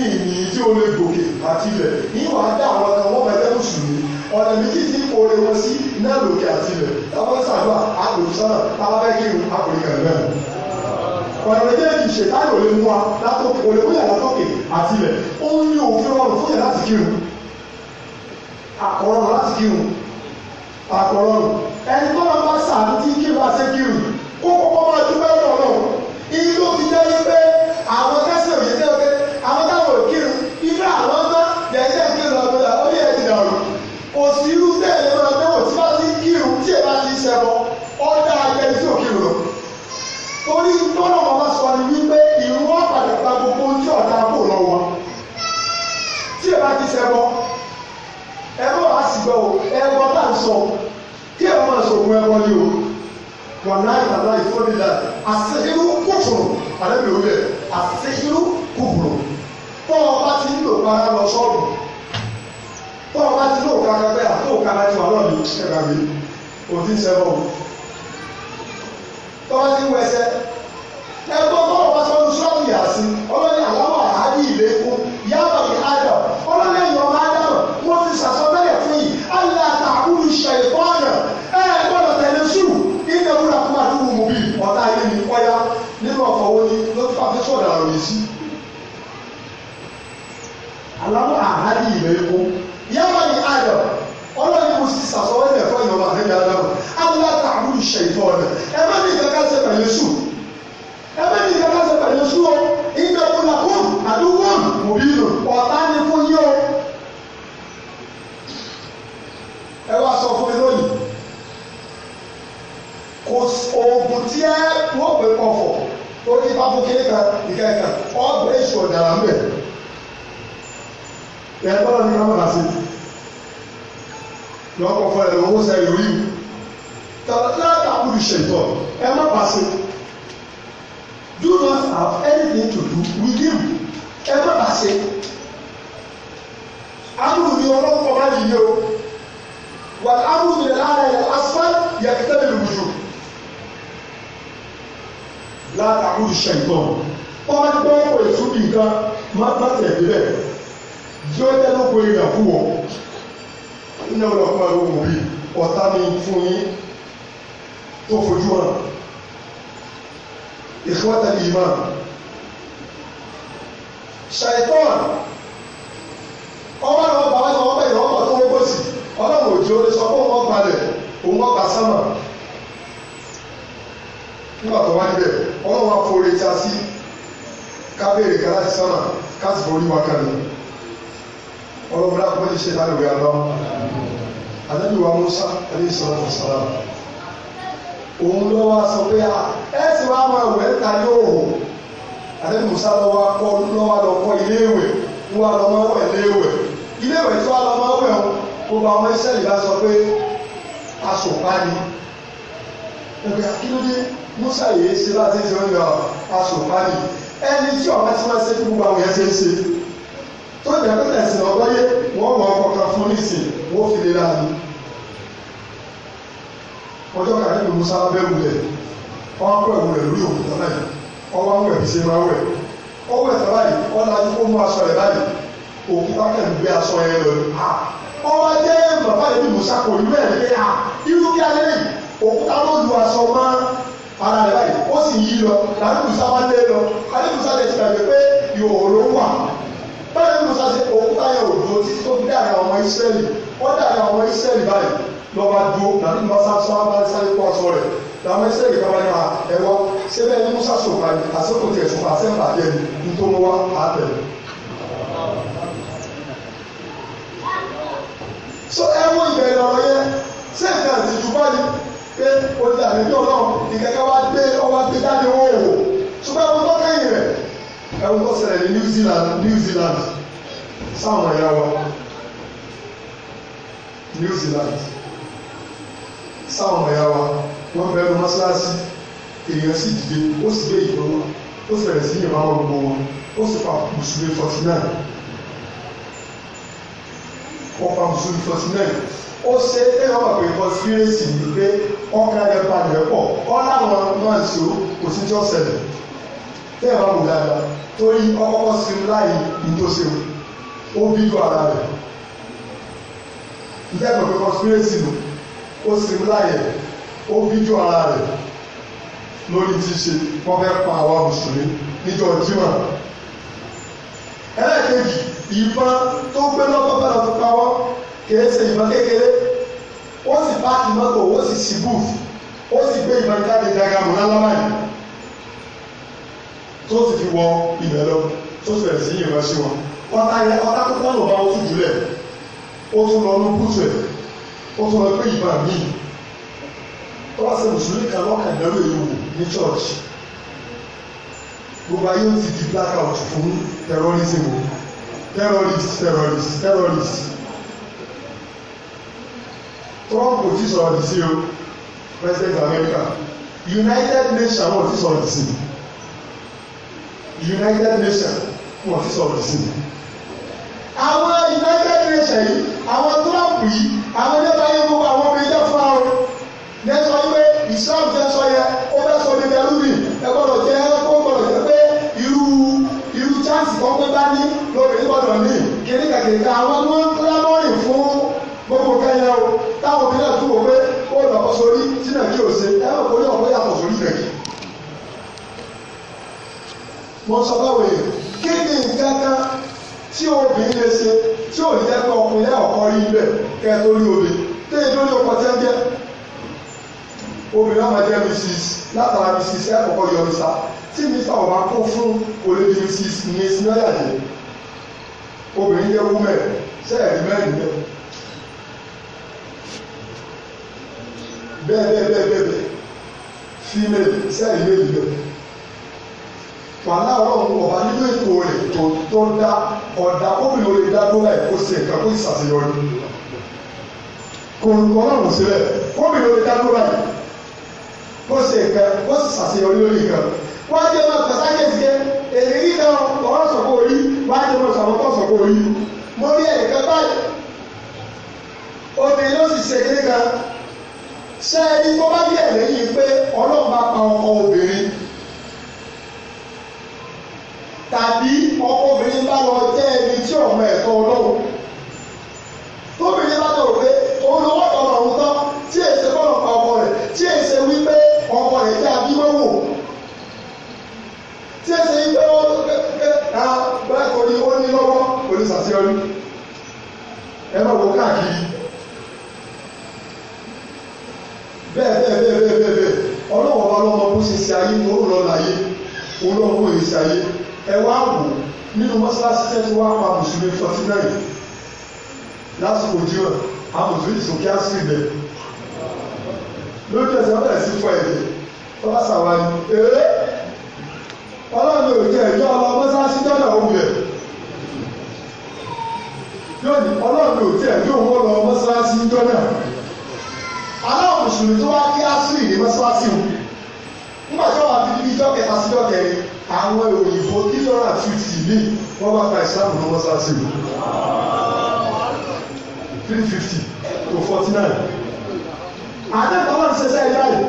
ìyìn tí ó lè gòkè àti ilẹ̀ ìwà dá àwọn kan wọ́n bẹ̀rẹ̀ mùsùlùmí ọ̀nà méjì tí oore wọn sí náà lòkè àti ilẹ̀ táwọn sàgbà àpòlùsọ́nà táwọn bẹ́ẹ̀ kí n àpòlùkà náà ọ̀nà méjèèjì ṣètàlù olè mú wa látòkè olè mú yà látòkè àti ilẹ̀ ó ń yí òfin ọrùn fún yà láti kírun àkọ́rọ̀ láti kírun àkọlọ́run ẹni tó lọ bá sàánú tí kí bá ṣe kírun kó kọ́kọ́ máa dúpẹ́ lọ́rọ̀ inú ló fi jẹ́ wípé àwọn kẹsàn-án yìí tẹ́ pé àwọn táwọn ò kírun inú àwọn tán lẹ́sẹ̀ ń kírun ọ̀gbọ́dà ó yẹ ti dàrú kò sí irú tẹ́lẹ̀ lọ́nà pé kò sí bá ti kírun tí èèyàn bá ti ṣẹbọ ọ̀dà ẹni tí ò kírun lọ torí tọ́lọ̀ bàbá sọ ni wípé ìrú ọ̀pàdé pa gbogbo tí ọ̀dà kò lọ wọn tí èèyàn bá ti ṣẹbọ ẹgbọ́n àsìgbọ́ ẹgbọ́n tá à ń sọ kí ẹ máa ṣògùn ẹbọ ni o wọn náà yàrá láì fún mi láì àṣehírú kùfùrù àlẹ́bí òwe àṣehírú kùfùrù bọ́ọ̀ bá ti ń lò para lọ sọ́ọ̀bù bọ́ọ̀ bá ti lò kára bẹ́ẹ̀ àtò kára ti wà lọ́ọ̀dù ẹ̀ka mi òfin sẹ́wọ̀n tọ́wọ́ ti ń wẹsẹ̀ ẹgbọ́n bọ́ọ̀ bá sọ́ọ̀dù sọ́ọ̀bù yà sí ọlọ́ni àlámọ̀ àádìí ìlẹ́kùn yàtọ̀ ní ádà ọlọ́ni alamu ahadi ìmẹ̀kọ yàrá ni ayọ̀ ọlọ́run kò sí sàsọ́wọ́ ilẹ̀ fún ìyọ̀wọ̀ àhẹ́bí adamu aláta àbúrò ṣe ìfọ̀ rẹ̀ ẹ má ní kankan ṣe pẹ̀lú èṣù ẹ má ní kankan ṣe pẹ̀lú èṣù o ìgbà wo la kún àdúgbò mòbí lò ọ̀tá ni fún yín o ẹ wá sọ fún mi lónìí kò oògùn tí ẹ wọ́n pè pọ̀ fọ̀ torí bá fún kékeré kan ìkẹ́kẹ́ ọ̀gbẹ́ èṣù ọ̀dàrà ń bẹ̀rẹ̀ ẹ bọ́lá ní ọmọ àṣẹ lọ́kọ̀ fún ẹ lọ́wọ́ sẹ ìlú yìí látàkùn ìṣètò ẹ má pàṣẹ do not have anything to do with him ẹ má pàṣẹ amúlù ní ọlọ́pàá bá yìí o wà amúlù ní lára ẹ asfal yẹ kí tẹ́lẹ̀ lùjù látàkùn ìṣètò ọmọ ẹgbẹ́ ọkọ̀ ètò nìkan má má tẹ̀ débẹ̀ tí ó tẹ́lú kó ìyà fún wọn nínú ọlọ́pàá ìlú bí ọ̀tá mi fún yín tó fojú hàn ìfọ́tà ìmọ̀ ṣàìtàn ọwọ́ àwọn bàbá tó wọ́n bẹ̀rẹ̀ ọkọ̀ tó wọ́pọ̀ sí ọlọ́run òjò lè sọ fún wọn balẹ̀ òun ọgbà sánà nígbà tó wá níbẹ̀ ọlọ́run àforí ta sí kábèrè kárá sí sánà káàsì borí wa kan nìyẹn ọlọ́mọdé akọ́jú ṣe náà lórí àlọ́ ànábì wa Musa alayhi salatu wa salam òun ló wá sọ pé ẹ sì wá máa wẹ̀ ẹ́ ta yóò wò ànábì Musa lọ wá kọ́ lọ́ wá lọ kọ́ ilé ìwẹ̀ wọ́n wá lọ máa wẹ̀ ilé ìwẹ̀ ilé ìwẹ̀ tí wọ́n lọ máa wẹ̀ ọ́ gbogbo àwọn ẹsẹ̀lì bá sọ pé asòpá ni ẹgbẹ́ akíndé Musa yìí ṣe bá ṣe oúnjẹ asòpá ni ẹni tí ọ̀gá ti máa ṣe fún gbogbo àwọn ẹ̀ṣẹ̀ ń ṣe tó jẹ́ pé ẹ̀sìn ọ̀rọ̀ yé wọ́n wọ ọkọ̀ kan fún nísìn wọ́n fi lè láàyè ọjọ́ kan nínú musa bẹ́ẹ̀ wulẹ̀ wọ́n pẹ̀ wulẹ̀ lórí òkúta náà ọwọ́ wẹ̀ bí ṣe máa wẹ̀ ọwọ́ ẹ̀ tán báyìí ọ̀la tí ó mú aṣọ rẹ̀ báyìí òkúta kẹ̀ ń gbé aṣọ yẹn lọ ọwọ́ jẹ́ bàbá yìí musa kò ní bẹ́ẹ̀ pé à irú kí alẹ́ yìí òkúta ló lu aṣọ mọ́ ara rẹ̀ báyìí ó sì yí lọ làbí musa wá lé lọ alẹ́ báyọ̀ ní musa ṣe òun táyà òdo títí tó fi dáàrin ọmọ Ísírẹ́lì wọ́n dáàrin ọmọ Ísírẹ́lì báyìí lọ́ba dúró nàbí musa sọ wọn bá sáré kó aṣọ rẹ̀ làwọn Ísírẹ́lì kan báyìí máa ẹ wá ṣé bẹ́ẹ̀ ní musa sọ̀rọ̀ báyìí àṣekò tiẹ̀ sọ̀rọ̀ àṣẹ́ǹbà díẹ̀ ní tó mú wá àtẹ̀lé. so ẹ mú ìbẹ̀rẹ̀ ọ̀rọ̀ yẹn ṣé nǹkan àtijọ́ báyìí pé olùdarí ní ọlọ́run ìkẹ́kẹ́ wá dé ọwọ́ ẹ̀rù tó ṣẹlẹ̀ ní New Zealand New Zealand sáwọn ẹ̀yà wa New Zealand sáwọn ẹ̀yà wa wọ́n bẹ̀rẹ̀ lọ mọ́ṣáláṣí èèyàn sì dìde ó sì gbé ìbọn wọn ó sì sí ìyẹ̀wò àwọn ọmọ wọn ó sì pa mùsùlùmí forty nine ó pa mùsùlùmí forty nine ó ṣe ẹ̀rọ pé conspiracy ni pé ọkàn rẹ̀ balẹ̀ pọ̀ ọ́ láwọn náà ṣó kò sí jọ́ tí ẹ̀ bá wù dáadáa torí ọkọ̀ sí láì ìtòsí o ó bí ju ara rẹ̀ ìjẹ́ ìgbàgbọ́ conspiracy nù ó sì láyè ó bí ju ara rẹ̀ lórí ti ṣe wọ́n fẹ́ pa àwa mùsùlùmí níjọ́ jimá ẹlẹ́ẹ̀kejì ìbọn tó gbé lọ́kọ́ bẹ̀rẹ̀ tó pawọ́ kìí ṣe ìbọn kékeré ó sì páàkì mọ́tò ó sì ṣì bùf ó sì gbé ìbọn jáde dàgàmù lálọ́mọ́ yìí tó ti fi wọ ibẹ̀ lọ tó ti bẹ̀rẹ̀ sí yìí rán sí wọn ọ̀tá yẹn ọ̀tá tó kọ́ ló bá ojú jùlẹ̀ ó tún lọ ní búùtù ẹ̀ ó tún lọ pé ìbọn míì tó bá ṣe mùsùlùmí kan lọ́kàn dẹ́rù èyí wò ní chọ́ọ̀chì gbogbo ayé ó ti di blackout fún terrorism o terrorist terrorist terrorist Trump ò ti sọ̀rọ̀ dì sí o President America United Nations ò ti sọ̀rọ̀ dì sí o. United Nations wọ́n ti sọ̀rọ̀ sí i. àwọn United Nations yìí àwọn Trump yìí àwọn nípa yẹn gbogbo àwọn ọmọ ẹjẹ fún àwọn lẹ́sọ̀ pé Islam fẹ́ sọ yẹ ó fẹ́ sọ níbi ẹlú mi ẹ gbọ́dọ̀ jẹ́ ẹ gbọ́dọ̀ jẹ́ pé irú irú chance kan pé bá ní lóbìnrin gbọ́dọ̀ ní kìnìkà kìnìkà àwọn tó ń lábọ́rìn fún gbogbo kẹyẹ o táwọn obìnrin náà tún wò pé ó lọ́kọ́ sórí sínú kí o ṣe ẹ lọ́kọ́ yọ̀ ọ́ yàtọ̀ sórí rẹ̀ kí mo sọ báwo yẹn kí ni nǹkan kan tí obìnrin lè ṣe tí ò ní jẹ́ pé ọkùnrin ọkọ rí ibẹ̀ kẹ́ ẹ tó rí obì tí èyí tó ní ọkọ tẹ́ ń jẹ́ obìnrin ọmọ jẹ́ mrs látara mrs ẹ kọ́kọ́ yọ mr tí mr ọba kó fún kò lè di mrs ní sinọ́yà jẹ́ obìnrin jẹ́ wúmẹ̀ sẹ́ẹ̀dì mẹ́rin jẹ́ bẹ́ẹ̀ bẹ́ẹ̀ bẹ́ẹ̀ bẹ́ẹ̀ female sẹ́ẹ̀dì méjì jẹ́ wàhálà ọlọ́run ọba nínú ètò rẹ̀ tó tó dá ọ̀dà obìnrin olè dá dúró láì kó ṣe nǹkan kó ìṣàṣeyọrí kò ọlọ́run sílẹ̀ obìnrin olè dá dúró láì kó ṣe nǹkan kó ìṣàṣeyọrí lórí nǹkan wọ́n á jẹ́ ọmọ àgbàsá kẹ̀síkẹ́ èmi rí náà ọ̀rọ̀ sọ̀kò orí wọ́n á jẹ́ ọmọ sọ̀kò sọ̀kò orí mo rí ẹ̀ẹ̀kan báyìí obìnrin ló sì ṣe kíní kan ṣe ẹni tó bá bí ẹ̀ lẹ́yìn pé ọlọ́run bá pa ọkọ obìnrin tàbí ọkọ obìnrin bá lọ jẹ́ ẹni tí ọmọ ẹ̀tọ́ ọlọ́run tóbìnrin bá lọ pé olówó ọ̀nà òun tán tí èsè bọ́ọ̀lù pa ọkọ rẹ̀ tí èsè wípé ọkọ rẹ̀ jẹ́ abíwẹ́wò tí èsè wípé ó pé ká bẹ́ẹ̀ kò ní ó ní lọ́wọ́ kò ní sàṣeyọrí ẹ má wo káàkiri bẹ́ẹ̀ bẹ́ẹ̀ bẹ́ẹ̀ bẹ́ẹ̀ bẹ́ẹ̀ ọlọ́wọ́ bá lọ́mọ bó ṣe ṣe ayé ní ó lọ́ọ́ láyé olóòwò ìṣe ayé ẹ wá wò nínú mọ́ṣáláṣí tẹ́tí wá pa mùsùlùmí forty nine lásìkò jíọ̀ àwọn mùsùlùmí sòkè àṣírí bẹ̀ lójú ẹsẹ̀ wọ́n bẹ̀rẹ̀ sí fọ ẹ̀jẹ̀ wọ́n bá ṣàwárí ẹ̀ẹ́ ọlọ́run ò jẹ́ ẹ̀yọ́ ọlọ́ mọ́ṣáláṣí dọ́là òun yẹ lónìí ọlọ́run ò jẹ́ ẹ̀yọ́ òun ọlọ́ mọ́ṣáláṣí dọ́là aláwọ̀ mùsùlùmí tó wá kí àṣírí ní mọ́ṣáláṣí òun nígbà tí wọ́n ti di ìjọ sí ìjọ àwọn òyìnbó kílọ̀rọ̀ àti tìmí wọ́n bá ta ìsìlámù ní wọ́n sáà sí to 49. nine àdéhùn ọlọ́run ṣe sẹ́yìn báyìí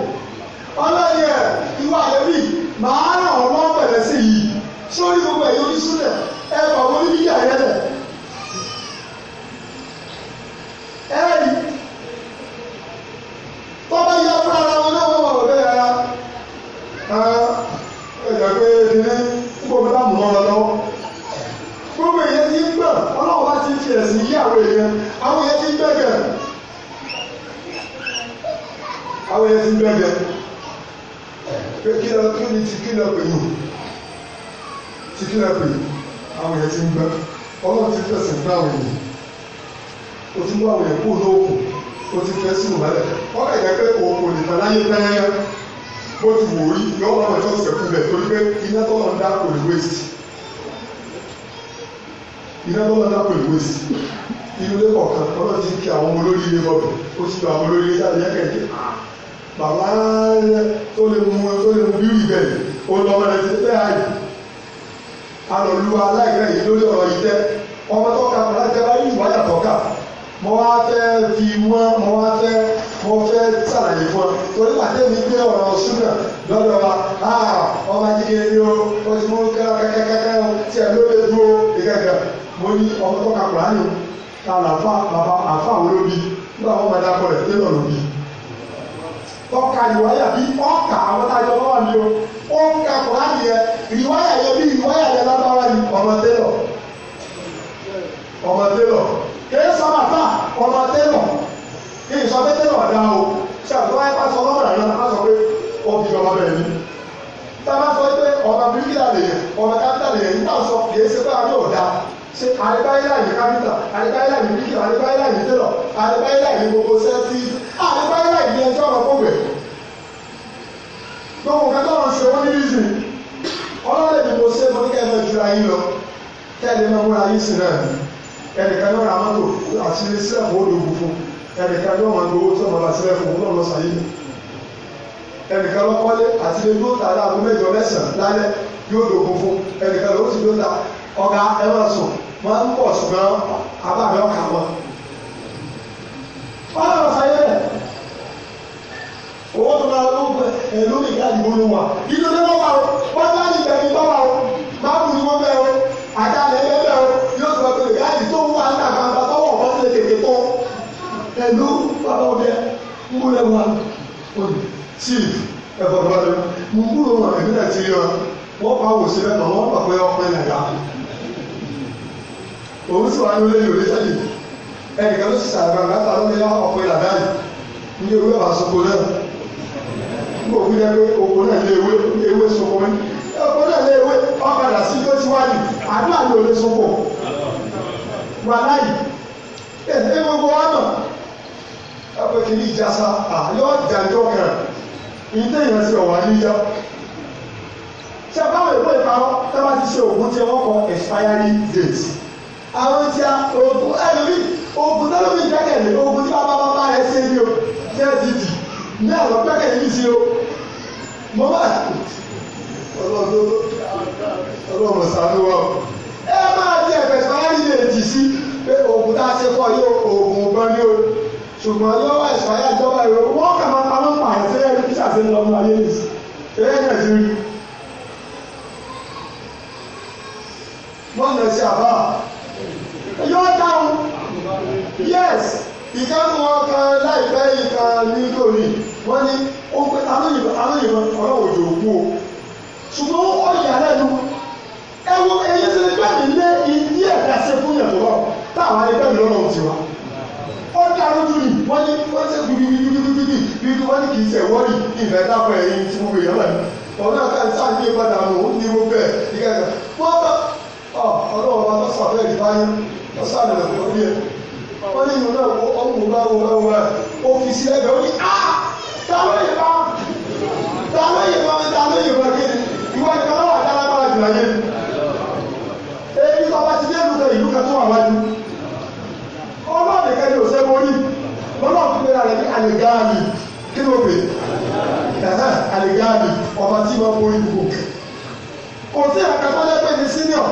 ọlọ́run yẹ ìwà àlẹ́bí màá ràn ọ́ lọ́wọ́ bẹ̀rẹ̀ sí yìí sórí gbogbo ẹ̀yọ́ oníṣúlẹ̀ ẹ̀ bàbá oníbíyà yẹn dẹ̀. àwọn èèyàn àwọn èèyàn ti ń bẹ̀gẹ̀ àwọn èèyàn ti ń bẹ̀gẹ̀ pé kí lọ tún ní ti kí lọ pè yìí ti kí lọ pè yìí àwọn èèyàn ti ń bẹ ọlọ́run ti fẹsẹ̀ fún àwọn èèyàn o ti mú àwọn èèyàn kú lóòkù o ti fẹ́ sínú mọ́lẹ̀ wọ́n kà jẹ́ pé òun kò lè tàláyé pẹ́ẹ́yẹ́ bó ti wò rí lọ́wọ́ àwọn ẹ̀tọ́ ti fẹ́ fún bẹ̀ torí pé iná tọ́lọ́ ń dá kò lè wéṣì iná lọ́wọ́ náà pè wé sí inú ilé kọ̀ọ̀kan ọlọ́run ti kí àwọn ọmọ olórí ilé bọ̀bẹ̀ ó ti gba àwọn olórí ilé jáde yẹ́kẹ̀kẹ́ bàbá tó lè mú tó lè mú bírí bẹ́ẹ̀ ó lọ ọmọ rẹ ti fẹ́ àyè alòlú aláìrẹ́ yìí lórí ọ̀rọ̀ yìí tẹ́ ọmọ tó ka ọ̀rọ̀ tẹ́ bá yìí wáyà tó kà mo wá fẹ́ fi wọ́n mo wá fẹ́ mo fẹ́ sàlàyé fún ọ torí pàtẹ́ mi gbé ọ̀rọ̀ súnà lọ́dọ̀ wa ọmọ ajínigbé ni ó ó ti mú kẹ́kẹ́kẹ́kẹ́ tí ẹ̀ ló lè dúró ìkẹ́kẹ́ mo ní ọmọ tó ka kura ni ta làfa bàbá àfa wo ló bi nígbà wọn máa dákọ rẹ tẹlọ ló bi ọkà ìwáyà bí ọkà àwọn tá a jọ báwa ni o ọkà kura ni yẹ ìwáyà yẹ bí ìwáyà yẹ lábára ni ọmọ tẹlọ ọmọ tẹlọ kìí sábà fà ọmọ tẹlọ kìí sọ pé tẹlọ ọ̀dà o ṣe àgbẹ̀wá ẹ̀ bá sọ lọ́wọ́ rẹ̀ náà sọ pé ọbí ọmọ bẹ̀rẹ̀ ni tá a bá sọ pé ọmọ bíríkìlà lè yẹ ọmọ kápítà lè yẹ nígbà sọ kìí ṣe pé àbí ọ̀dà ṣe àríbáyílà yìí kápítà àríbáyílà yìí bíkì àríbáyílà yìí tẹlọ àríbáyílà yìí gbogbo sẹ́tì àríbáyílà yìí ẹjọ́ ọ̀rọ̀ fún wẹ̀. gbogbo nǹkan tó ń ṣe wọ́n ní ìsìn ọlọ́run ìdìbò ṣe mo ní kẹ́lẹ́ ju ayé lọ kẹ́lẹ́ máa múra ayé sí náà ẹnìkan yóò ra mọ́tò àti sílẹ̀ fún odò òkú fún ẹnìkan yóò máa gbowó tó máa sílẹ̀ fún ọlọ́run lọ sàyé ẹnìkan lọ́kọ́lé àti ilé yóò tà láàbù mẹ́jọ mẹ́sàn-án lálẹ́ yóò dògùn fún ẹnìkan lọ́wọ́ sì yóò tà ọ̀gá ẹ̀rọ sùn wọ́n ń pọ̀ ṣùgbọ́n abáàbẹ̀ ọ̀kà wọn. wọ́n lọ sáyé rẹ̀ owó tó máa ló gbẹ ẹ̀lú ìgbà ìgbó ló wà inú ní wọ́n wà ó wọ́n bá ní ìgbà ìgbà wà ó má bù ní wọ́n bẹ̀ ó àtàlẹ̀ ẹgbẹ́ bẹ̀ ó yóò sọ pé ìgbà ìgbà tó wà ń tàkà ń bàbá wọ̀ wọ́n lè tètè kọ́ ẹ̀lú bàbá ọ̀bẹ ń bú lẹ́wọ̀ wa sí ẹ̀fọ̀ bàbá mi mú kúrò wọn ẹ̀mí náà ti yọ wọ́n pa òsì rẹ̀ mọ́ wọ́n pàpẹ́ ọkùnrin nàìjíríà òun sì wá ní olóyè òní jáde ẹnìkan ló sì sàgbà mẹ́ta ló ní ọkọ ìlànà yìí ní ewé ọ̀rọ̀ àsopọ̀ náà nígbà òkú yẹn pé òkú náà lé ewé ewé sopọ̀ ní òkú náà lé ewé ọ̀padà sí tó ti wáyé àdúrà ni òun lè sopọ̀ wà láyì ẹ̀ ẹ̀ gbogbo wa náà ẹ̀pẹ́ kìíní ìjàsá àyọ̀ ìjàjọ́ kan ìdé yẹn ti ọ̀wà níyà ṣé báwo ìwé ìpamọ́ tẹ́ bá ti ṣe òògùn tí wọ́n kọ expiry date àwọn tí a ogun ẹlòmí ogun tẹlifí gbẹ́kẹ̀lé ogun tí bàbá bàbá rẹ ṣe ni o ní ẹ ti dì ní ẹ̀rọ gbẹ́kẹ̀lé yìí ṣe o mo bá ọlọ́run ṣàánú wa ẹ máa di ẹ̀fẹ̀ tí wọ́n á yí lè jì sí pé ogun tá a ṣe pọ̀ yóò ogun gan ni o ṣùgbọ́n lọ́wọ́ ìṣàyà ìjọba ìrò wọ́n kà máa paná pa àyẹ̀sẹ̀ ẹ̀rí kí ṣàṣẹ lọ ọmọ ayé nìyí eré ẹ̀yẹ̀ sí rí wọ́n lọ sí àbá yóò dáhùn yes ìkànnì wọn kan láìpẹ́ ìkan nítorí wọ́n ní aróyìnbọn ọlọ́wọ́ òjò òkú o ṣùgbọ́n ọ̀yà lẹ́nu ẹwọ ẹyẹ ṣe ní bẹ́ẹ̀ ní ilé ẹ̀dá ṣe fún yẹn lọ́wọ́ táwọn ẹgbẹ́ mi lọ́rọ̀ ti wá ó dá lójú ni wọ́n ní wọ́n ṣe gbígbígbígbígbígbígbí wọ́n ní kì í ṣe wọ́ọ̀rì ìfẹ́ dáfọ̀ ẹ̀yìn tí gbogbo èèyàn lẹ́nu ọ̀nà kan sáàyè padà nù ní gbogbo ẹ̀ ìgbà kan wọ́n bá ọlọ́wọ́ bá tó sọ̀rọ̀ ẹ̀ ọ̀sán àlẹ́ ọ̀gbọ́n ní ẹ̀ wọ́n ní ìlú náà wo ọ̀gbọ̀n bá wo ẹ̀wọ̀ ẹ̀ ó fi sí ẹgbẹ́ ó ní á dáná ìbá dáná ìbá dáná ìbá kéde ìwọ ìkan náà wà dáná bá jù láyé ebi tó bá ti dé ìlú kan ìlú kan tó wà wájú ọlọ́ọ̀dẹ̀ kẹ́ni ò sẹ́wọ́n rí lọ́nà tó gbéra rẹ̀ ní àlẹ́gáàmì kí ló pè àlẹ́gáàmì ọba tí wọ́n mú ìlú kò sí àkàtọ́ lẹ́gbẹ̀ẹ́ ní senior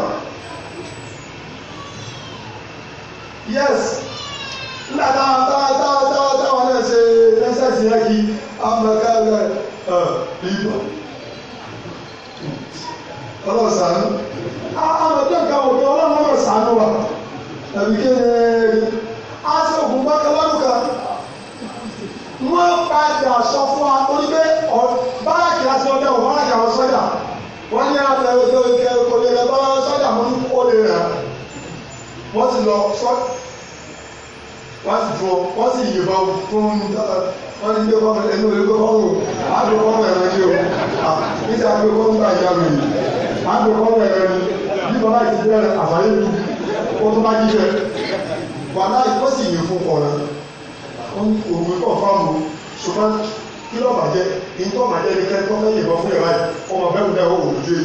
yes nígbà táwọn táwọn táwọn táwọn táwọn náà ṣe lẹ́sẹ̀sì yẹn kí amẹ́ká rẹ̀ ẹ̀ ìgbà ọlọ́run sànú àmọ̀tí ọ̀gá òkè ọlọ́run náà sànú wa tàbí kéèrè á sì ògùn bá kan lọ́dúnkà wọ́n padà sọ fún wa ó ní pé báàkì àti ọdẹ ò báàkì àwọn sọ́jà wọ́n ní àtẹ̀wé tó ń kẹ́ ọkọ̀ lẹ́yìn bá sọ́jà mọ́ ní kó lè rà wọ́n sì lọ sọ wọ́n sì fún ọ wọ́n sì yìnbọn fún wọ́n ní gbé kọ́mọ ẹni olè gbé kọ́mọ àgbé kọ́mọ ẹ̀rọ ni o níta àgbé kọ́mọ àyà mi àgbé kọ́mọ ẹ̀rọ ni bí bàbá yìí ti bẹ̀rẹ̀ àbáyé mi kó tó bá jíjẹ wàhálà yìí wọ́n sì yìn fún ọ̀rẹ́ òun kọ̀ fáwọn ṣùgbọ́n kí lọ́ọ̀ bàjẹ́ ìtọ́ bàjẹ́ ni kẹ́kọ́ fẹ́ yìnbọn fún ìwádìí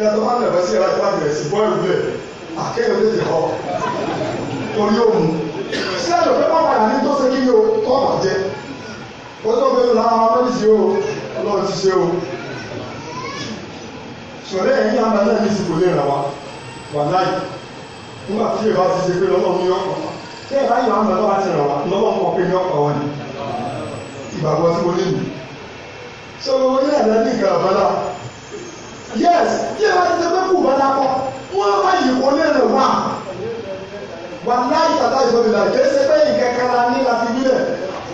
kí ẹ tó bá nàbẹ́ sí ìrántí láti rẹ̀ sí bọ́ọ̀lù bẹ́ẹ̀ àkéyọ̀ lè dè kọ́ torí òun sí ẹ̀rọ pé wọ́n padà ní tó ṣe kí o kọ́ bàjẹ́ ó tó bẹ́ẹ̀ lọ́wọ́ àwọn mẹ́rìndínlẹ́sì o ọlọ́run ti ṣe o sọ̀rọ̀ ẹ̀yìn àgbà náà ní ìsìnkú lè rà wá wà láyé nígbà tí ìbá ti ṣe pé lọ́wọ́ mi ọkọ̀ tí ìbá yìí àwọn ọmọ ti rà wá lọ́wọ́ mọ̀ pé ní ọkọ̀ wọn yes tí ẹ bá ti ṣe pé kù bá dákọ wọn bá yìí kọ ní ẹrẹ wà wà láì tàtà ìṣòro ìlà kìí ṣe pé ìkẹkẹrẹ ní láti bílẹ̀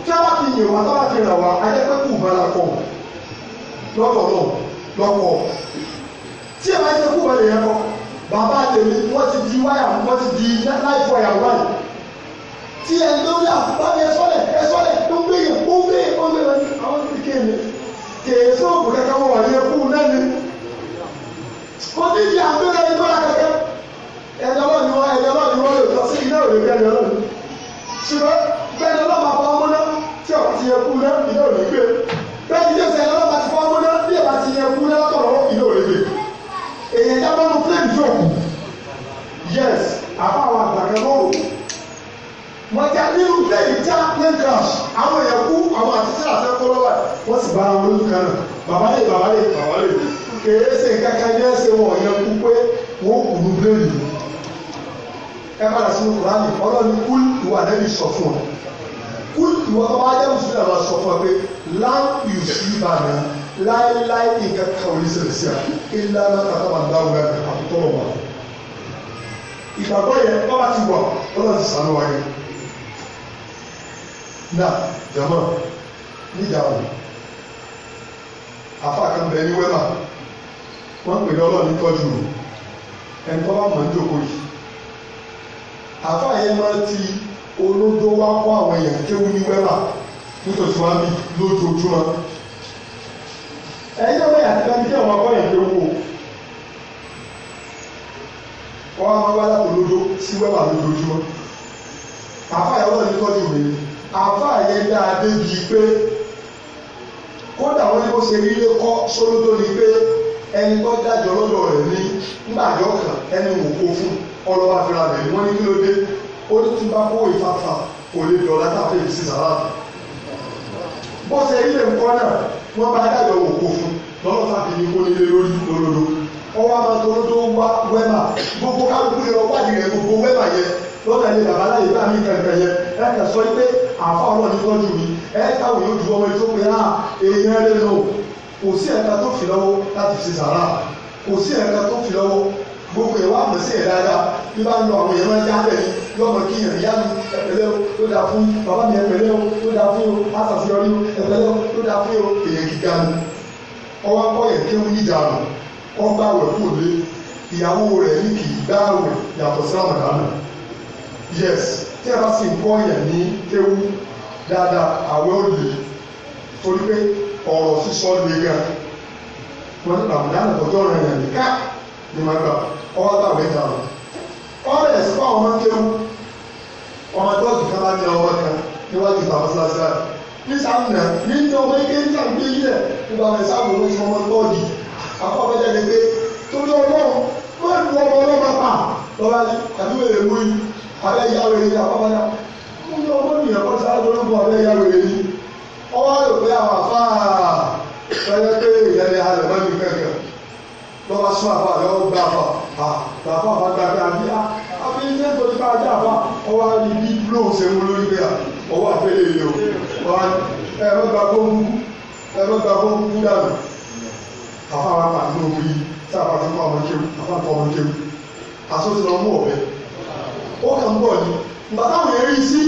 tí wọn bá ti yìn wá tó bá ti rẹ̀ wá ajẹ́ pé kù bá dákọ lọ́tọ̀ náà lọ́pọ̀ tí ẹ bá ti ṣe kù bá lè yẹ kọ bàbá tèmi wọ́n ti di wáyà wọ́n ti di láì fọ ìyàwó báyìí tí ẹ lórí àbúrò ẹ sọlẹ̀ ẹ sọlẹ̀ tó ń gbé yẹn ó ń gbé yẹn ó ń gbé yẹn àwọn ti kéèyàn kéèyàn sóògùn kankan onídìí àgbélé ìgbọ́ra kẹ̀kẹ́ ẹ̀dọ́ ni wọ́n ẹ̀dọ́ ni wọ́n lè lọ iná òde bí ẹ̀dọ́ ṣùgbọ́n bẹ́ẹ̀ lọ́ máa fọ́ ọmọ náà tí ọ̀rọ̀ ti yẹ kú náà iná òde gbé bẹ́ẹ̀ ni jẹ́sẹ̀ ẹ̀dọ́ máa ti fọ́ ọmọ náà bí ẹ̀bá ti yẹ kú náà tọ̀rọ̀ iná òde gbé èyàn jábọ́ nu plane tó yes àbá àwọn àgbàkan náà rò wọ́n já nínú plane já plane crash àwọn èèyàn kú àwọn kèé ṣe kankan ní ẹsẹ̀ wọn yẹn kú pé wọ́n kù ní bíléèdì ẹ padà sínú kùránì ọlọ́ni kúl ìwà nẹ́bí sọ fún ọ kúl ìwà tó bá jẹ́ mùsùlùmí àwọn sọ fún ọ pé láàpù sí ìbànú láéláé nǹkan kan ò ní ṣẹlẹ̀ sí à ìlànà kàtà máa dáwọ́ ẹ̀ àtúntò wọn. ìgbàgbọ́ yẹn wọ́n bá ti wà ọlọ́run ti sànú wáyé. na jama níjà wọn afa kan bẹ ní wẹ́mà wọ́n pè lọ́lọ́ ní tọ́jú rẹ̀ ẹni tó bá mọ̀ ń jòkó yìí àfáàyè máa ti olódó wá kó àwọn èèyàn kéwú ní wẹ́wà nítòsí wá bí lójoojúmọ́ ẹ̀yin náà bẹ́ẹ̀ àti dábí kí àwọn akọ́ yẹn kéwú o wọ́n á máa wá láti olódó sí wẹ́wà lójoojúmọ́ àfáàyè ọlọ́ọ̀ni tọ́jú rẹ̀ àfáàyè dáa débi pé kódà wọ́n ní kó ṣe rí lé kọ́ sólódó ni pé. ẹni tó dájọ́ lọ́dọ̀ rẹ̀ ní nígbàjọ́ kan ẹni wò kó fún ọlọ́wà fúnra rẹ̀ wọ́n ní kí ló dé ó ní tí bá kó ìfàfà kò lè dọ̀lá tàbí èyí sí sàrà bó ṣe ilé nǹkan náà wọ́n bá dájọ́ wò kó fún tàbí ní kó nílé lórí ọwọ́ wá wẹ́mà gbogbo kálukú wádìí rẹ̀ gbogbo wẹ́mà ilé bàbá láyé bá mi kẹ̀kẹ́ pé àfa ọlọ́ọ̀ni tọ́jú mi kò sí ẹ̀ka tó fi lọ́wọ́ láti fi sàrà kò sí ẹ̀ka tó fi lọ́wọ́ gbogbo ìwà àmọ́sí ẹ̀ dáadáa bí bá ń lọ àwọn èèyàn máa ń já bẹ́ẹ̀ ni yọmọ kí èèyàn yá mi ẹ̀pẹ̀lẹ́ o tó dáa fún bàbá mi ẹ̀pẹ̀lẹ́ o tó dáa fún o àṣàṣeyọrí o ẹ̀pẹ̀lẹ́ o tó dáa fún o èèyàn gíga ni ọwọ́ akọ́ yẹn kéwú yíjà nù ọgbà wẹ̀ kò lé ìyàwó rẹ̀ ní kì í gbá wẹ̀ yàtọ̀ sí ramadana yes tí a bá sì ń kọ́ yẹn ní kéwú dáadáa àwẹ̀ òde torí pé ọ̀rọ̀ sísọ lè ga wọn ramadan ọjọ́ rẹ̀ yẹn nìka ni wọn gbà ọwọ́ tàwé ga wọn. ọ̀rọ̀ ẹ̀ sọ́kọ́ ọmọ kéwù ọmọ tọ́sí kan bá ní ọwọ́ kan níwájú tàbásílásí rẹ̀ ní sàmìnà ní ní ọmọ ike ní sàmì bí yíyẹ nígbà mẹ sáàbù wọn ti ọmọ tọ́ọ̀dì akọ́bẹ̀jẹ̀ ni pé torí ọlọ́run wọn lu ọmọ ọlọ́mọ pa lọ́wọ́ àbí wèrè wúri abẹ́ yáwèrè yà pápá yá wọn ní ọmọ nìyẹn kọ́ sáà lórúkọ ọwọ́ rò pé àwọn àfáà ẹgbẹ́ pé ìyẹlẹ alẹ̀ mọ́ mi kẹ̀kẹ́ lọ́wọ́ sún àfáà lọ́wọ́ gbà fà à làfà fà gbàgbé àbí àbí ilé tó ti bá ajá àfà ọwọ́ àbí bí lóun ṣe mú lórí o ẹ̀rọ gbà kó ń kú ẹ̀rọ gbà kó ń kú dànù àfáà wà pàdé òwú yìí tí àfáà ti kọ́ ọmọ kéwù àfáà kọ́ ọmọ kéwù àtúntò ọmọ ọ̀bẹ ó kàn ń bọ̀ ni bàbá àwọn èèyàn rí sí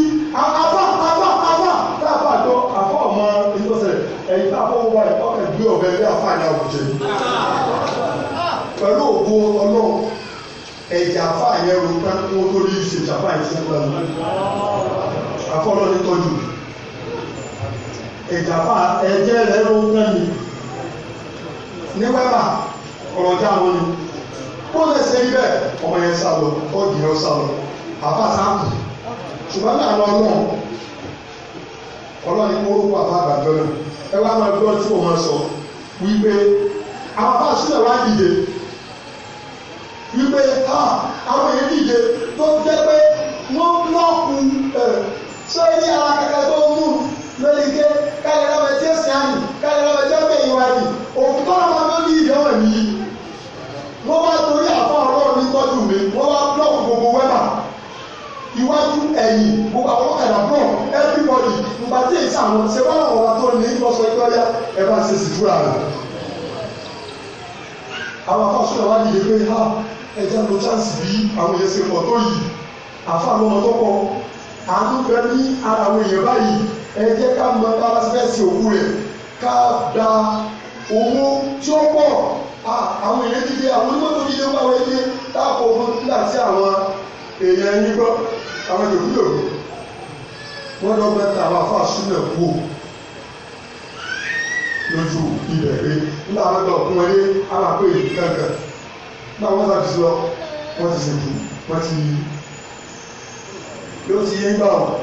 afá afá afá dáàbà tó afọ ọmọ ìtọ́sẹ̀ ẹ̀yìn afọ wà ọkẹ̀ gbé ọ̀bẹ bí afá ní àwùjẹ pẹ̀lú òkú ọlọ́run ẹ̀jẹ̀ afá yẹn ro tán kí wọ́n tó rí ìṣèjì afá yẹn sẹ́kọ̀ọ́ lọ́nà afọ́ ọlọ́run tọ́jú ẹ̀jẹ̀ afá ẹ̀jẹ̀ rẹ̀ ro tán ni ní wẹ́bà ọ̀rọ̀ já wọn ni bó lè ṣe ibẹ̀ ọmọ yẹn sálọ ọ̀gì yẹn sálọ àbá sáà kù ṣùgbọ́n náà lọ lọ ọlọ́run ní orúkọ àbá àbàjọ náà ẹ wá máa gbọ́ tí mo máa sọ wípé àwọn bá sílẹ̀ wá dìde wípé àwọn èèyàn dìde tó jẹ́ pé wọ́n lọ́ọ̀kù ṣé ní ara kẹkẹ tó mú lórí ike káyọ̀ lọ́wọ́ tí ó sì àmì káyọ̀ lọ́wọ́ tí ó gbé ìwà yìí òkú tó lọ́wọ́ lórí ìdánwò yìí wọ́n wá torí àfọ̀ ọlọ́run ní tọ́jú mi wọ́n wá iwájú ẹ̀yìn gbogbo àwọn ọ̀kadà náà everybody nígbà tí èyí sàwọn ṣe wá àwọn ọba tó ní lọ́sọ ẹgbẹ́ ọ̀yá ẹ bá ṣe sì dúrà rẹ̀. àwọn ha ẹja ló chance bí àwọn èèyàn ṣe pọ̀ tó yìí àfa àwọn ọmọ ní ara àwọn èèyàn báyìí ka jẹ́ ká mọ bára da owó tí ó pọ̀ àwọn àwọn onímọ̀tò èèyàn yín gbọ́ àwọn yòókùyòókù wọ́n lọ mẹ́ta àwọn afọ àsúnlẹ̀ kú lójú ilẹ̀ rẹ̀ nígbà wọn lọ kún ẹlé àwọn àpè gàngàn nígbà wọn sàbí sí lọ wọn ti sèkú wọn ti yóò ti yé gbà wọn.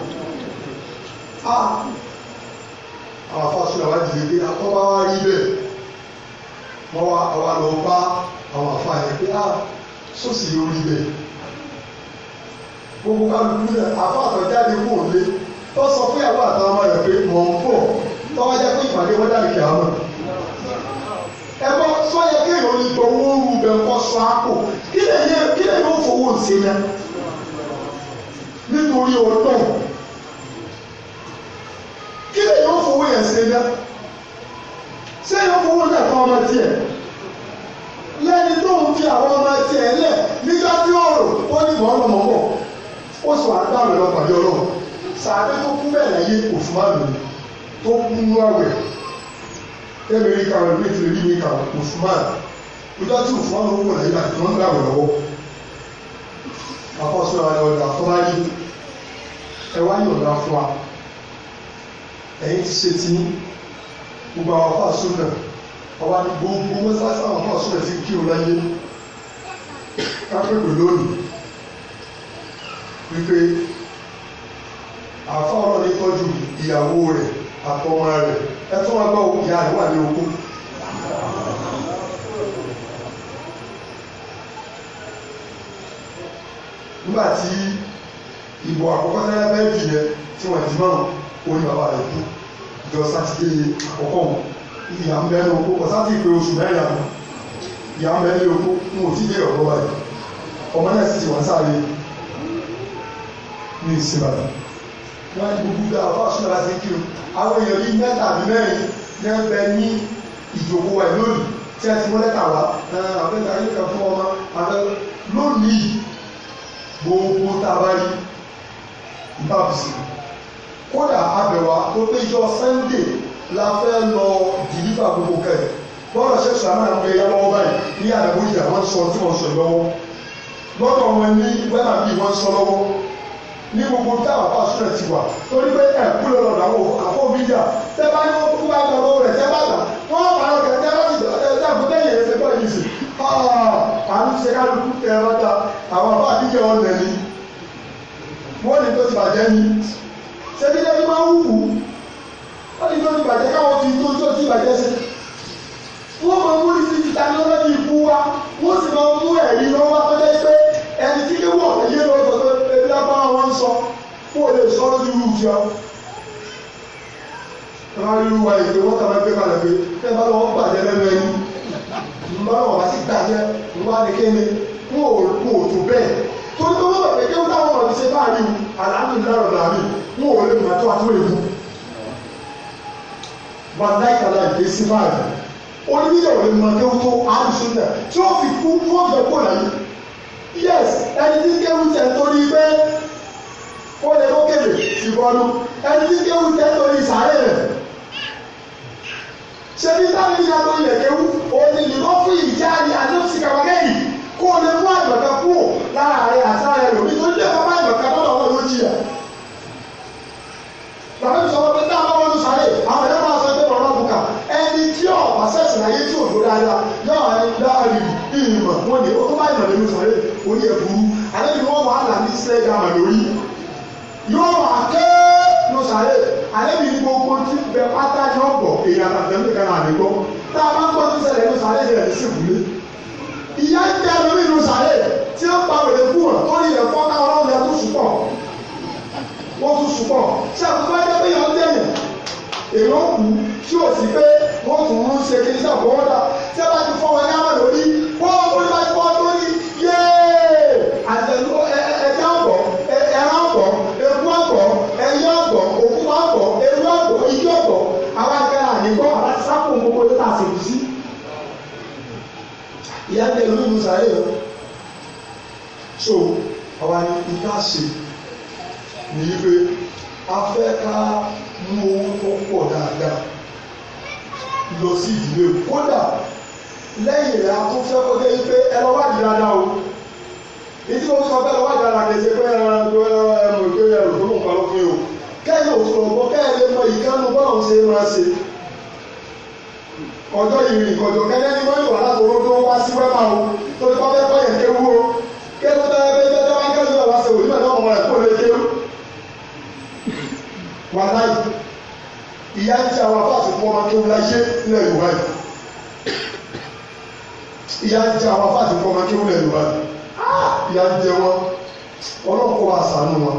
àwọn afọ àsúnlẹ̀ wa dìde pé àtọ́ba wa rí bẹ́ẹ̀ wọ́n wá àwa lọ bá àwọn afọ àyẹ̀ pé sọ́ọ̀sì yóò rí bẹ́ẹ̀ gbogbo kálukú náà àfa àtọ̀jáde kò lé tó sọ fún ìyàwó àtàwọn ọmọ rẹ̀ pé mọ̀ ń bọ̀ tọ́wọ́ jẹ́ pé ìpàdé wọn dàbí kìá mọ̀. ẹ bọ́ sọ yẹ kí èèyàn lè gbọ́ owó rú bẹ́ẹ̀ kọ́ sọ àpò kí lẹ́yìn kí lẹ́yìn ó fowó ṣe náà nítorí ọlọ́run kí lẹ́yìn ó fowó yẹn ṣe náà ṣé yóò fowó náà fún ọmọ tiẹ̀ lẹ́ni tó fi àwọn ọlọ́run sàbẹ tó kú bẹ́ẹ̀ láyé òfúmánù tó kú nú àwẹ̀ ẹbí rí kàwọn ẹbí tìrẹ bí mi kàwọn òfúmánù ìjọ tí òfúmánù ó wọ láyé láti wọn ń dàwọ lọ́wọ́ àkọsọ àwọn ọdọ àfọláyé ẹ wá ní ọdọ àfọlá ẹ̀yin ti ṣe ti gbogbo àwọn afọ àsúnà ọba ní gbogbo mọ́sáàsì àwọn afọ àsúnà ti kí o láyé kápẹ́kù lónìí wípé àfa ọlọ́ni tọ́jú ìyàwó rẹ̀ àtọmọ rẹ̀ ẹ tún wá gbọ́ ìyá rẹ̀ wà ní oko. nígbà tí ìbò àkọ́kọ́ tí wọ́n fẹ́ jù yẹn tí wọ́n ti mọ́ràn orí bàbá rẹ̀ kú jọ sátidé àkọ́kọ́ wọn ìyá ń bẹ ní oko kọ sátì pé oṣù mẹ́rin àná ìyá ń bẹ ní oko ń ò tí dé ọ̀dọ́ wa yìí ọmọ náà sì ti wọ́n sáré ní ìsinmi wọ́n ti gbogbo àwọn ọ̀ṣun láti kírun àwọn èèyàn bíi mẹ́ta àbí mẹ́rin ní ń bẹ ní ìjòkó ẹ̀ lónìí tí ẹ ti mú lẹ́tà wá àbẹ́ta yìí kan fún ọmọ abẹ́ lónìí gbogbo tá a bá rí ìbáàbùsì kódà abẹ̀wà tó péjọ Sunday la fẹ́ lọ dìlífà gbogbo kẹ̀kẹ́ bọ́ọ̀lù ṣẹ̀ṣẹ̀ àmà ń gbé lọ́wọ́ báyìí ní àdàbò ìjà wọ́n sọ tí wọ́n sọ lọ́wọ́ lọ́dọ̀ wọn ní wẹ́nà bíi wọ́n sọ lọ́wọ́ ní gbogbo tí àwọn àbá sílẹ̀ ti wà torí pé ẹ̀kú lọ lọ́dọ̀ àwọn àfọ mi jà tẹ́ bá ní wọ́n kú bá gbà lọ́wọ́ rẹ̀ tẹ́ bá gbà wọ́n bá lọ kẹ̀kẹ́ láti tẹ́ fún tẹ́yìn rẹ̀ tẹ́ bá yìí sí à ń ṣe kálukú tẹ́ ẹ báta àwọn àbá àdíjẹ wọn lẹ̀ ni wọ́n ní tó ti bàjẹ́ ni ṣé bí lẹ́yìn máa ń wù wọ́n ní tó ti bàjẹ́ káwọn fi tó tó ti bàjẹ́ sí wọ́n máa mú ìsìn ìta ní ọlọ́dún lọ́wọ́ táwọn ń sọ kó o lè sọ lójú irú ti ọ. Wọ́n á rí irú wa ìgbé wọ́n kà máa gbé kalẹ̀ pé ẹ bá lọ́wọ́ bàjẹ́ lẹ́nu ẹni. Bá lọ́wọ́ bá sì gbàjẹ́ wọ́n á ní kéde kó o kó o tó bẹ́ẹ̀. Torí pé wọ́n bẹ̀rẹ̀ pé táwọn ọ̀rọ̀ ti ṣe bá rí àlàáfíà lọ́rọ̀ làmì wọn ò lè mọ̀ àtọ́ àtọ́ èkó. Bàdáìkàlà ìgbé sí báyìí. Oníyẹ̀wò lè mọ̀ kéwú tó àrùsùn náà tí ó fi kú fún ọ̀gbẹ́ kò láyé. Yes, ẹni tí kéwú tẹ̀ torí pé ó lè kó kèlè ìbọnú ẹni tí kéwù jẹ́ torí ìsàlẹ̀ rẹ̀ ṣe bí táwọn ìyá tó yẹ kéwù òní ìbọn fún ìjà ni àdóòsì kàwákẹ́yì kó lè mú àgbàkà kúrò lára rẹ̀ àṣà rẹ̀ lòdì tó lè fọ́ máa àgbàkà tó lọ́wọ́ ló jìyà bàbá mi sọ wọn pé tá a bá wọn lọ àwọn ẹ̀rọ máa sọ pé bọ̀rọ̀ bùkà ẹni tí ọ̀ àṣẹ̀sìn ayé tí ò lóra dáa yóò ní láàrin ìmọ̀ wọn ni ó tó bá ìmọ̀ yóò wà ké ló sàré àlébi ní gbogbo tí bẹ pátá yóò bọ̀ èyí àtàtẹ̀ mi kan àlè gbọ́ tá a bá gbọ́ tó ṣẹlẹ̀ ló sàré yẹn ní sìnkúlé ìyá ń jẹ́ lórí ló sàré tí ó pa òde kú ọ̀nà tó ní ilẹ̀ fọ́ káwọn ọlọ́run yẹn tó sùpọ̀ wọ́n tó sùpọ̀ tí àkókò ẹgbẹ́ pé yọ̀ ń jẹ́ yẹn èyí ó kú tí ò sí pé wọ́n tún ń ṣe kí n ṣàkóso tí a bá ti fọ́ wọn ní àwọn lórí wọ́n ó bá ti fọ́ wọn lórí yéé. àgbọ̀ ewu àgbọ̀ ijó àgbọ̀ àwọn agbára àníkọ́ àti sápò gbogbo tó tà sí sí. ìyá ní ẹlú ìlú sàárè rẹ so ọba ní ìta ṣe nìyí pé a fẹ́ ká mú owó tó pọ̀ dáadáa lọ sí ìdílé kódà lẹ́yìn rẹ̀ a tún fẹ́ pé ẹ lọ wádìí dáadáa o ìdí mo tún sọ fẹ́ lọ wádìí pé ẹ lọ ẹ mọ̀ pé ẹ rò tó lóun pa ló o kẹ́yìn òfin ọ̀pọ̀ kẹ́yìn lè mọ ìkánu bọ́ọ̀n ṣe máa ṣe ọjọ́ ìrìn ìkọjọ́ kẹ́yìn ní wọ́n wà látòrò tó wá sí wẹ́mà o tó ní pápẹ́ kọ́yẹ̀ kéwú o kéwú tẹ́lẹ̀ bí tẹ́lẹ̀ wá kẹ́yìn náà wá ṣe òní mẹ́ta ọmọ rẹ̀ kó lè kéwú. wàhálà yìí ah, ìyá ń jẹ àwọn afáàsì fún ọmọ kéwú láyé ilẹ̀ Yorùbá yìí ìyá ń jẹ àwọn afáàsì fún ọmọ kéwú ilẹ̀ Yorùbá yìí ìyá ń jẹ wọn ọlọ́kọ̀ọ́ àṣà nù wọn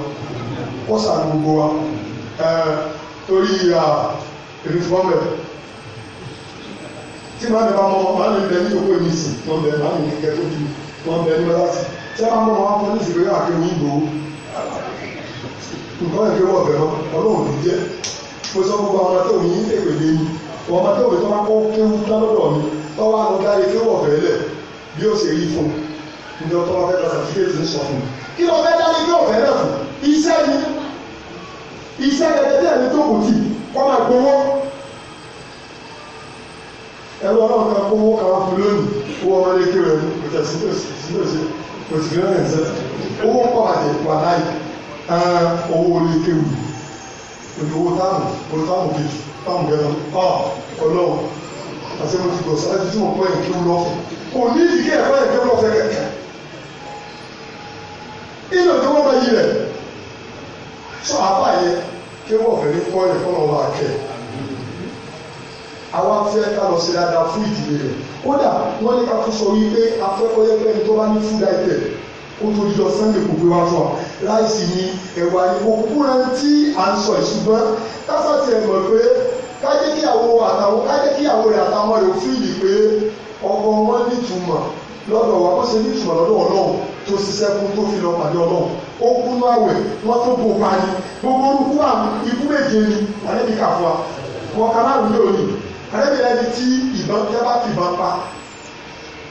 kọ́sà gbogbo wa torí èmi fún ọmọ ẹ̀ tí màmí bá mọ màá lè bẹ ní ìyókù èmi sì wọn bẹ màá lè kẹ tó bí wọn bẹ ní mọ́láṣí tí a máa mọ wọn fún nísìkò yóò àké wọn ìgbò nǹkan ẹ̀ pé wọ́n bẹ̀ mọ́ ọlọ́run ní jẹ́ mo sọ gbogbo àwọn tó ní èpè lé mi wọn máa tó mi tó máa kó kéwú lọ́dọ̀ mi lọ́wọ́ àwọn dáre kéwú ọ̀fẹ́ lẹ̀ bí ó ṣe rí fún un ní ọtọ́ wọn fẹ́ ta sàtífíkẹ́tì ń sọ fún mi kí lọ fẹ́ dáre kéwú ọ̀fẹ́ náà iṣẹ́ gẹ́gẹ́ bí ẹni tó kù tì kọ́ máa gbowó ẹ̀rọ ọlọ́run kan kówó káwá fún lónìí owó ọmọdé kí rẹ̀ mú kò tẹ̀sí lọ́sí kò sì rẹ̀ ẹ̀sẹ̀ owó pọ̀ àti ìpò aláì owó orí kéwù olówó táàmù owó táàmù kejì táàmù gẹ́gẹ́ ọ̀ ah, ọlọ́run àti mo ti gbọ̀ sọ́dọ̀ tí mo pọ̀ yẹn kéwù lọ́fẹ̀ kò ní ìdíkẹ́ ẹ̀fọ́ yẹn kéwù lọ́fẹ̀ kẹ̀kẹ́ ìlò tó wọ́n bá yí rẹ̀ sọ apá yẹn kí wọ́n fẹ́ ní kọ́ ẹ̀ fọ́nà ọba kẹ́ àwa fẹ́ ká lọ sí dáadáa fún ìdílé rẹ̀ kódà wọ́n ní ká tún sọ wípé afẹ́kọ́yẹ́ pẹ́ni tó bá ní food item kó tó yọ sunday kò gbé wá fún wa láìsí ní ẹ̀wà ni òkú rẹ̀ tí à ń sọ ìṣùgbọ́n kásàtì ẹ̀ mọ̀ pé kájẹ́kíyàwó àtàwọn kájẹ́kíyàwó rẹ̀ àtàwọn rẹ̀ fún ìdí pé ọkọ wọn nítumọ̀ lọ́dọ̀ wa ó ṣe ní ìtumọ̀ lọ́dọ̀ ọlọ́run tó ṣiṣẹ́ kú tó fi lọ pàdé ọlọ́run ó kú ní àwẹ̀ wọ́n tó bò pa ni gbogbo orúkú àmì ikú méje ni àlẹ́bí kà fún wa wọn kan láwùú ní òní àlẹ́bí ẹni tí ìbọn tẹ́ bá fi ìbọn pa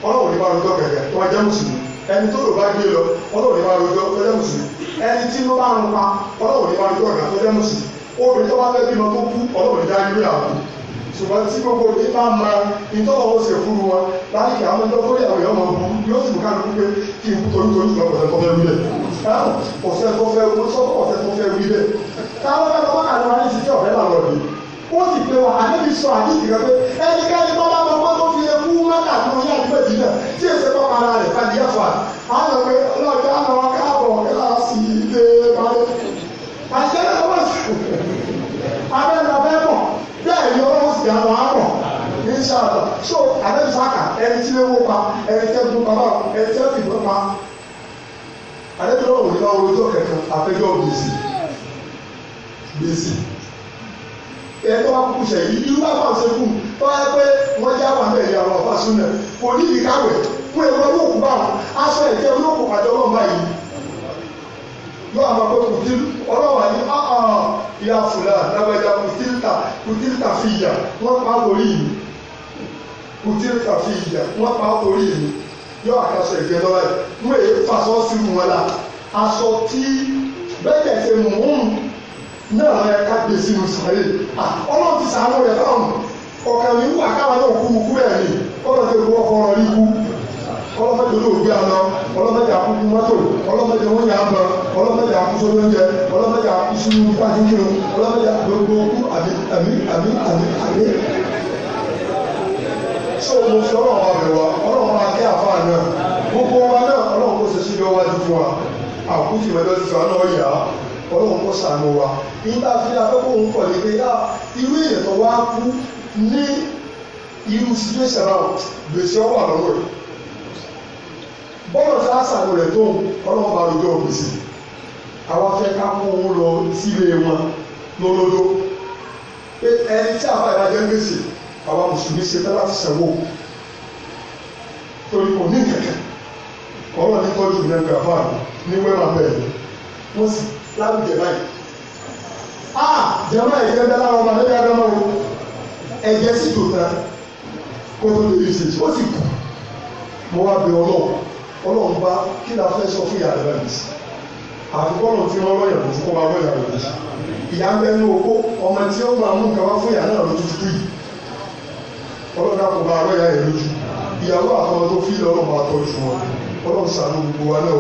ọlọ́run ní bá rojọ́ kẹ̀kẹ́ tó wá jẹ́ mùsùlùmí ẹni tó lò bá gbé lọ ọlọ́run ní bá rojọ́ tó jẹ́ mùsùlùmí ẹni tí ló bá rún pa ọlọ́run ní bá rojọ́ ọ̀gá tó jẹ́ mùsùlùmí obìnrin tó bá fẹ́ bímọ tó kú ọlọ́run ní dá ṣùgbọ́n tí gbogbo òde bá ma ìtọ́wọ́ ó ṣe fún wọn láti kí àwọn ẹjọ́ tó yàwó yọ̀ máa bú yóò sì bùkà lóko pé kí n kú torí torí ìgbà ọ̀sẹ̀ tó fẹ́ wí bẹ̀. ọ̀sẹ̀ tó fẹ́ wí sọ́kọ̀ ọ̀sẹ̀ tó fẹ́ wí bẹ̀. táwọn ẹgbẹ́ wọn àti wọn ti tẹ ọ̀rẹ́ làwọn rẹ̀ ó sì pé wa àdébí sọ àdébí rẹ pé ẹnikẹ́ni tó bá lọ́wọ́ tó fi ewu mẹ́ta tó yá àdúgbò ìdílé tí èsè tó para rẹ̀ tàbí ẹ̀fà á lọ pé ọlọ́ọ̀dẹ́ á lọ káàbọ̀ kẹ́lá sí ilé balẹ̀. àṣẹ náà wọ́n sùn abẹ́rẹ́ fi àwọn àrọ̀ inṣàlọ so àdébísàkà ẹni tí léwó pa ẹni tí ẹdun pàmò ẹni tí ẹdun ìbọn pa àdébísàkà òní náà ojú kẹkẹ àtẹjọ gbèsè gbèsè ẹni wàá kúkú sẹ yìí irú bàbá òsèkú tó yẹ pé wọn já wà bẹ́ẹ̀ yà wọn fà sún kò ní ìdíkàwé fún ẹgbẹ́ olóòkú báwọn aṣọ ìjẹ olóòkú àjọ wọn báyìí yóò àmọ́ pé kùtì ọlọ́wà ní ọ̀hún ah, ah, ìyá fúlà lábẹ́jà kùtì tà kùtì tà fi yà wọ́n pa orí mi kùtì tà fi yà wọ́n pa orí mi yóò àkàṣọ ìgbẹ́ lọ́wọ́ ẹ̀ mú èyí fasọ́ sí mu wọn la aṣọ tí bẹ́ẹ̀ ṣe mú un náà ẹ ká gbé sínú sàárè ọlọ́run ti sàánú rẹ̀ fáwọn ọ̀kàn mi wà káwọn náà kú mu kú ẹ̀ mi ọlọ́run ti wọ́ fọ́nrán rí ọlọ́mọdé olóògbé àná ọlọ́mọdé àkúkú mọ́tò ọlọ́mọdé wọ́n yà á bọ̀ ọlọ́mọdé àkúsọ lóúnjẹ ọlọ́mọdé àkúsọ pàṣípìrún ọlọ́mọdé àgbègbè òkú àmì àmì àmì àmì àmì. sọ mo fi ọlọ́run ọbẹ̀ wa ọlọ́run akẹ́ àfa náà gbogbo wa náà ọlọ́run kò ṣe sí lọ́wọ́ ju fún wa àkútì mẹ́lẹ́ ti fà náà yà á ọlọ́run kò sànù wa nígbà tí afẹ́kọ̀ọ́ ń pọ̀ ní pé irú èèyàn tó wá kú ní irú situation náà gbèsè ọwọ́ àlọ́wọ́ yìí bọ́ọ̀lù ṣe àṣàwò rẹ̀ tó ọlọ́run bá rojọ́ òun sí àwa fẹ́ ká kó wọn lọ sílé wọn lọ́lọ́dọ́ pé ẹni tí àbá ìdájọ́ ń gbèsè àwa mùsùlùmí ṣe fẹ́ láti ṣẹ̀wó torí kò ní kẹ̀kẹ́ ọ̀rọ̀ ní tọ́jú ìrìn ẹgbẹ́ àbá ní wẹ́rà bẹ́ẹ̀ wọ́n sì láwùjẹ báyìí. a jẹ́mọ́ ẹ̀jẹ̀ bẹ́ẹ̀ láwọn ọmọ ẹgbẹ́ adọ́mọ́ wo ẹ̀jẹ̀ sì tò tán kó tó lè rí ìṣèjì ó sì kù mo wá bẹ ọlọ́run ọlọ́run bá kí la fẹ́ sọ fún ìyá rẹ̀ bẹ́ẹ̀ sí àfikọ́nà tí wọ́n lọ́yà ló fún wa lọ́yà rẹ̀ ìyá ń bẹ ní oko ọmọ tí ó máa mú nǹkan wá fún ìyá náà lójú fún yìí ọlọ́run dàpọ̀ bá lọ́yà rẹ̀ lójú ìyàwó àtọmọ tó fi lọ́rùn bá tọ́jú wọn ọlọ́run ṣàánú gbogbo wa náà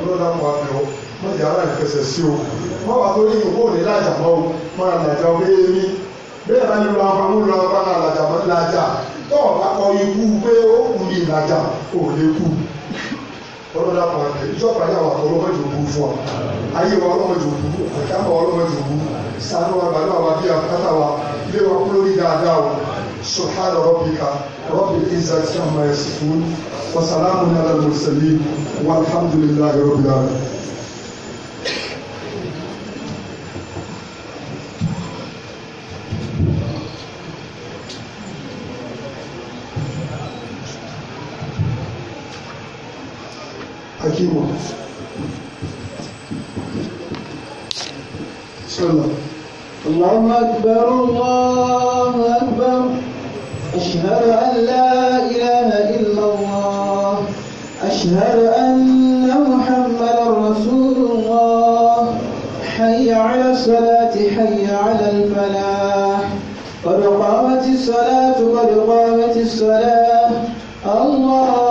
ọlọ́run dàpọ̀ àbẹ̀wọ̀ wọ́n ti ara ìfẹsẹ̀ sí o wọ́n wà tó ní ìkó òní lájà mọ́ o wọ́n ra làjà o bẹ́ẹ̀ mi bẹ́ẹ̀ bá ní lọ apá mú lọ apá náà làjà ọlọ́dà kan ìjọ pàdé àwọn àkọ́ ọlọ́mọdé òkú fún wa ayé wa ọlọ́mọdé òkú àtàwọn ọlọ́mọdé òkú sànú wa gbàdúrà wa bí àkàtà wa ilé wa kú lórí dáadáa wa subhana rabbika rabbil izzati amma yasifun wa salamun ala al-mursalin walhamdulillahi rabbil alamin. الله أكبر الله أكبر أشهد أن لا إله إلا الله أشهد أن محمد رسول الله حي على الصلاة حي على الفلاح قد قامت الصلاة قد قامت الصلاة الله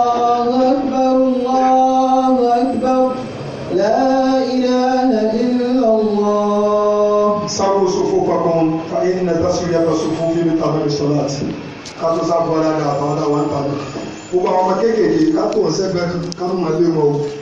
yàtọ̀ sí fún fífi tàbí sọláàtì to tó sáfọ́ dáadáa àtàwọn dáwọn tàbí gbogbo àwọn ọmọ kéékèèké ká tó to sẹ́gbẹ́ ká tó máa lé wọn o.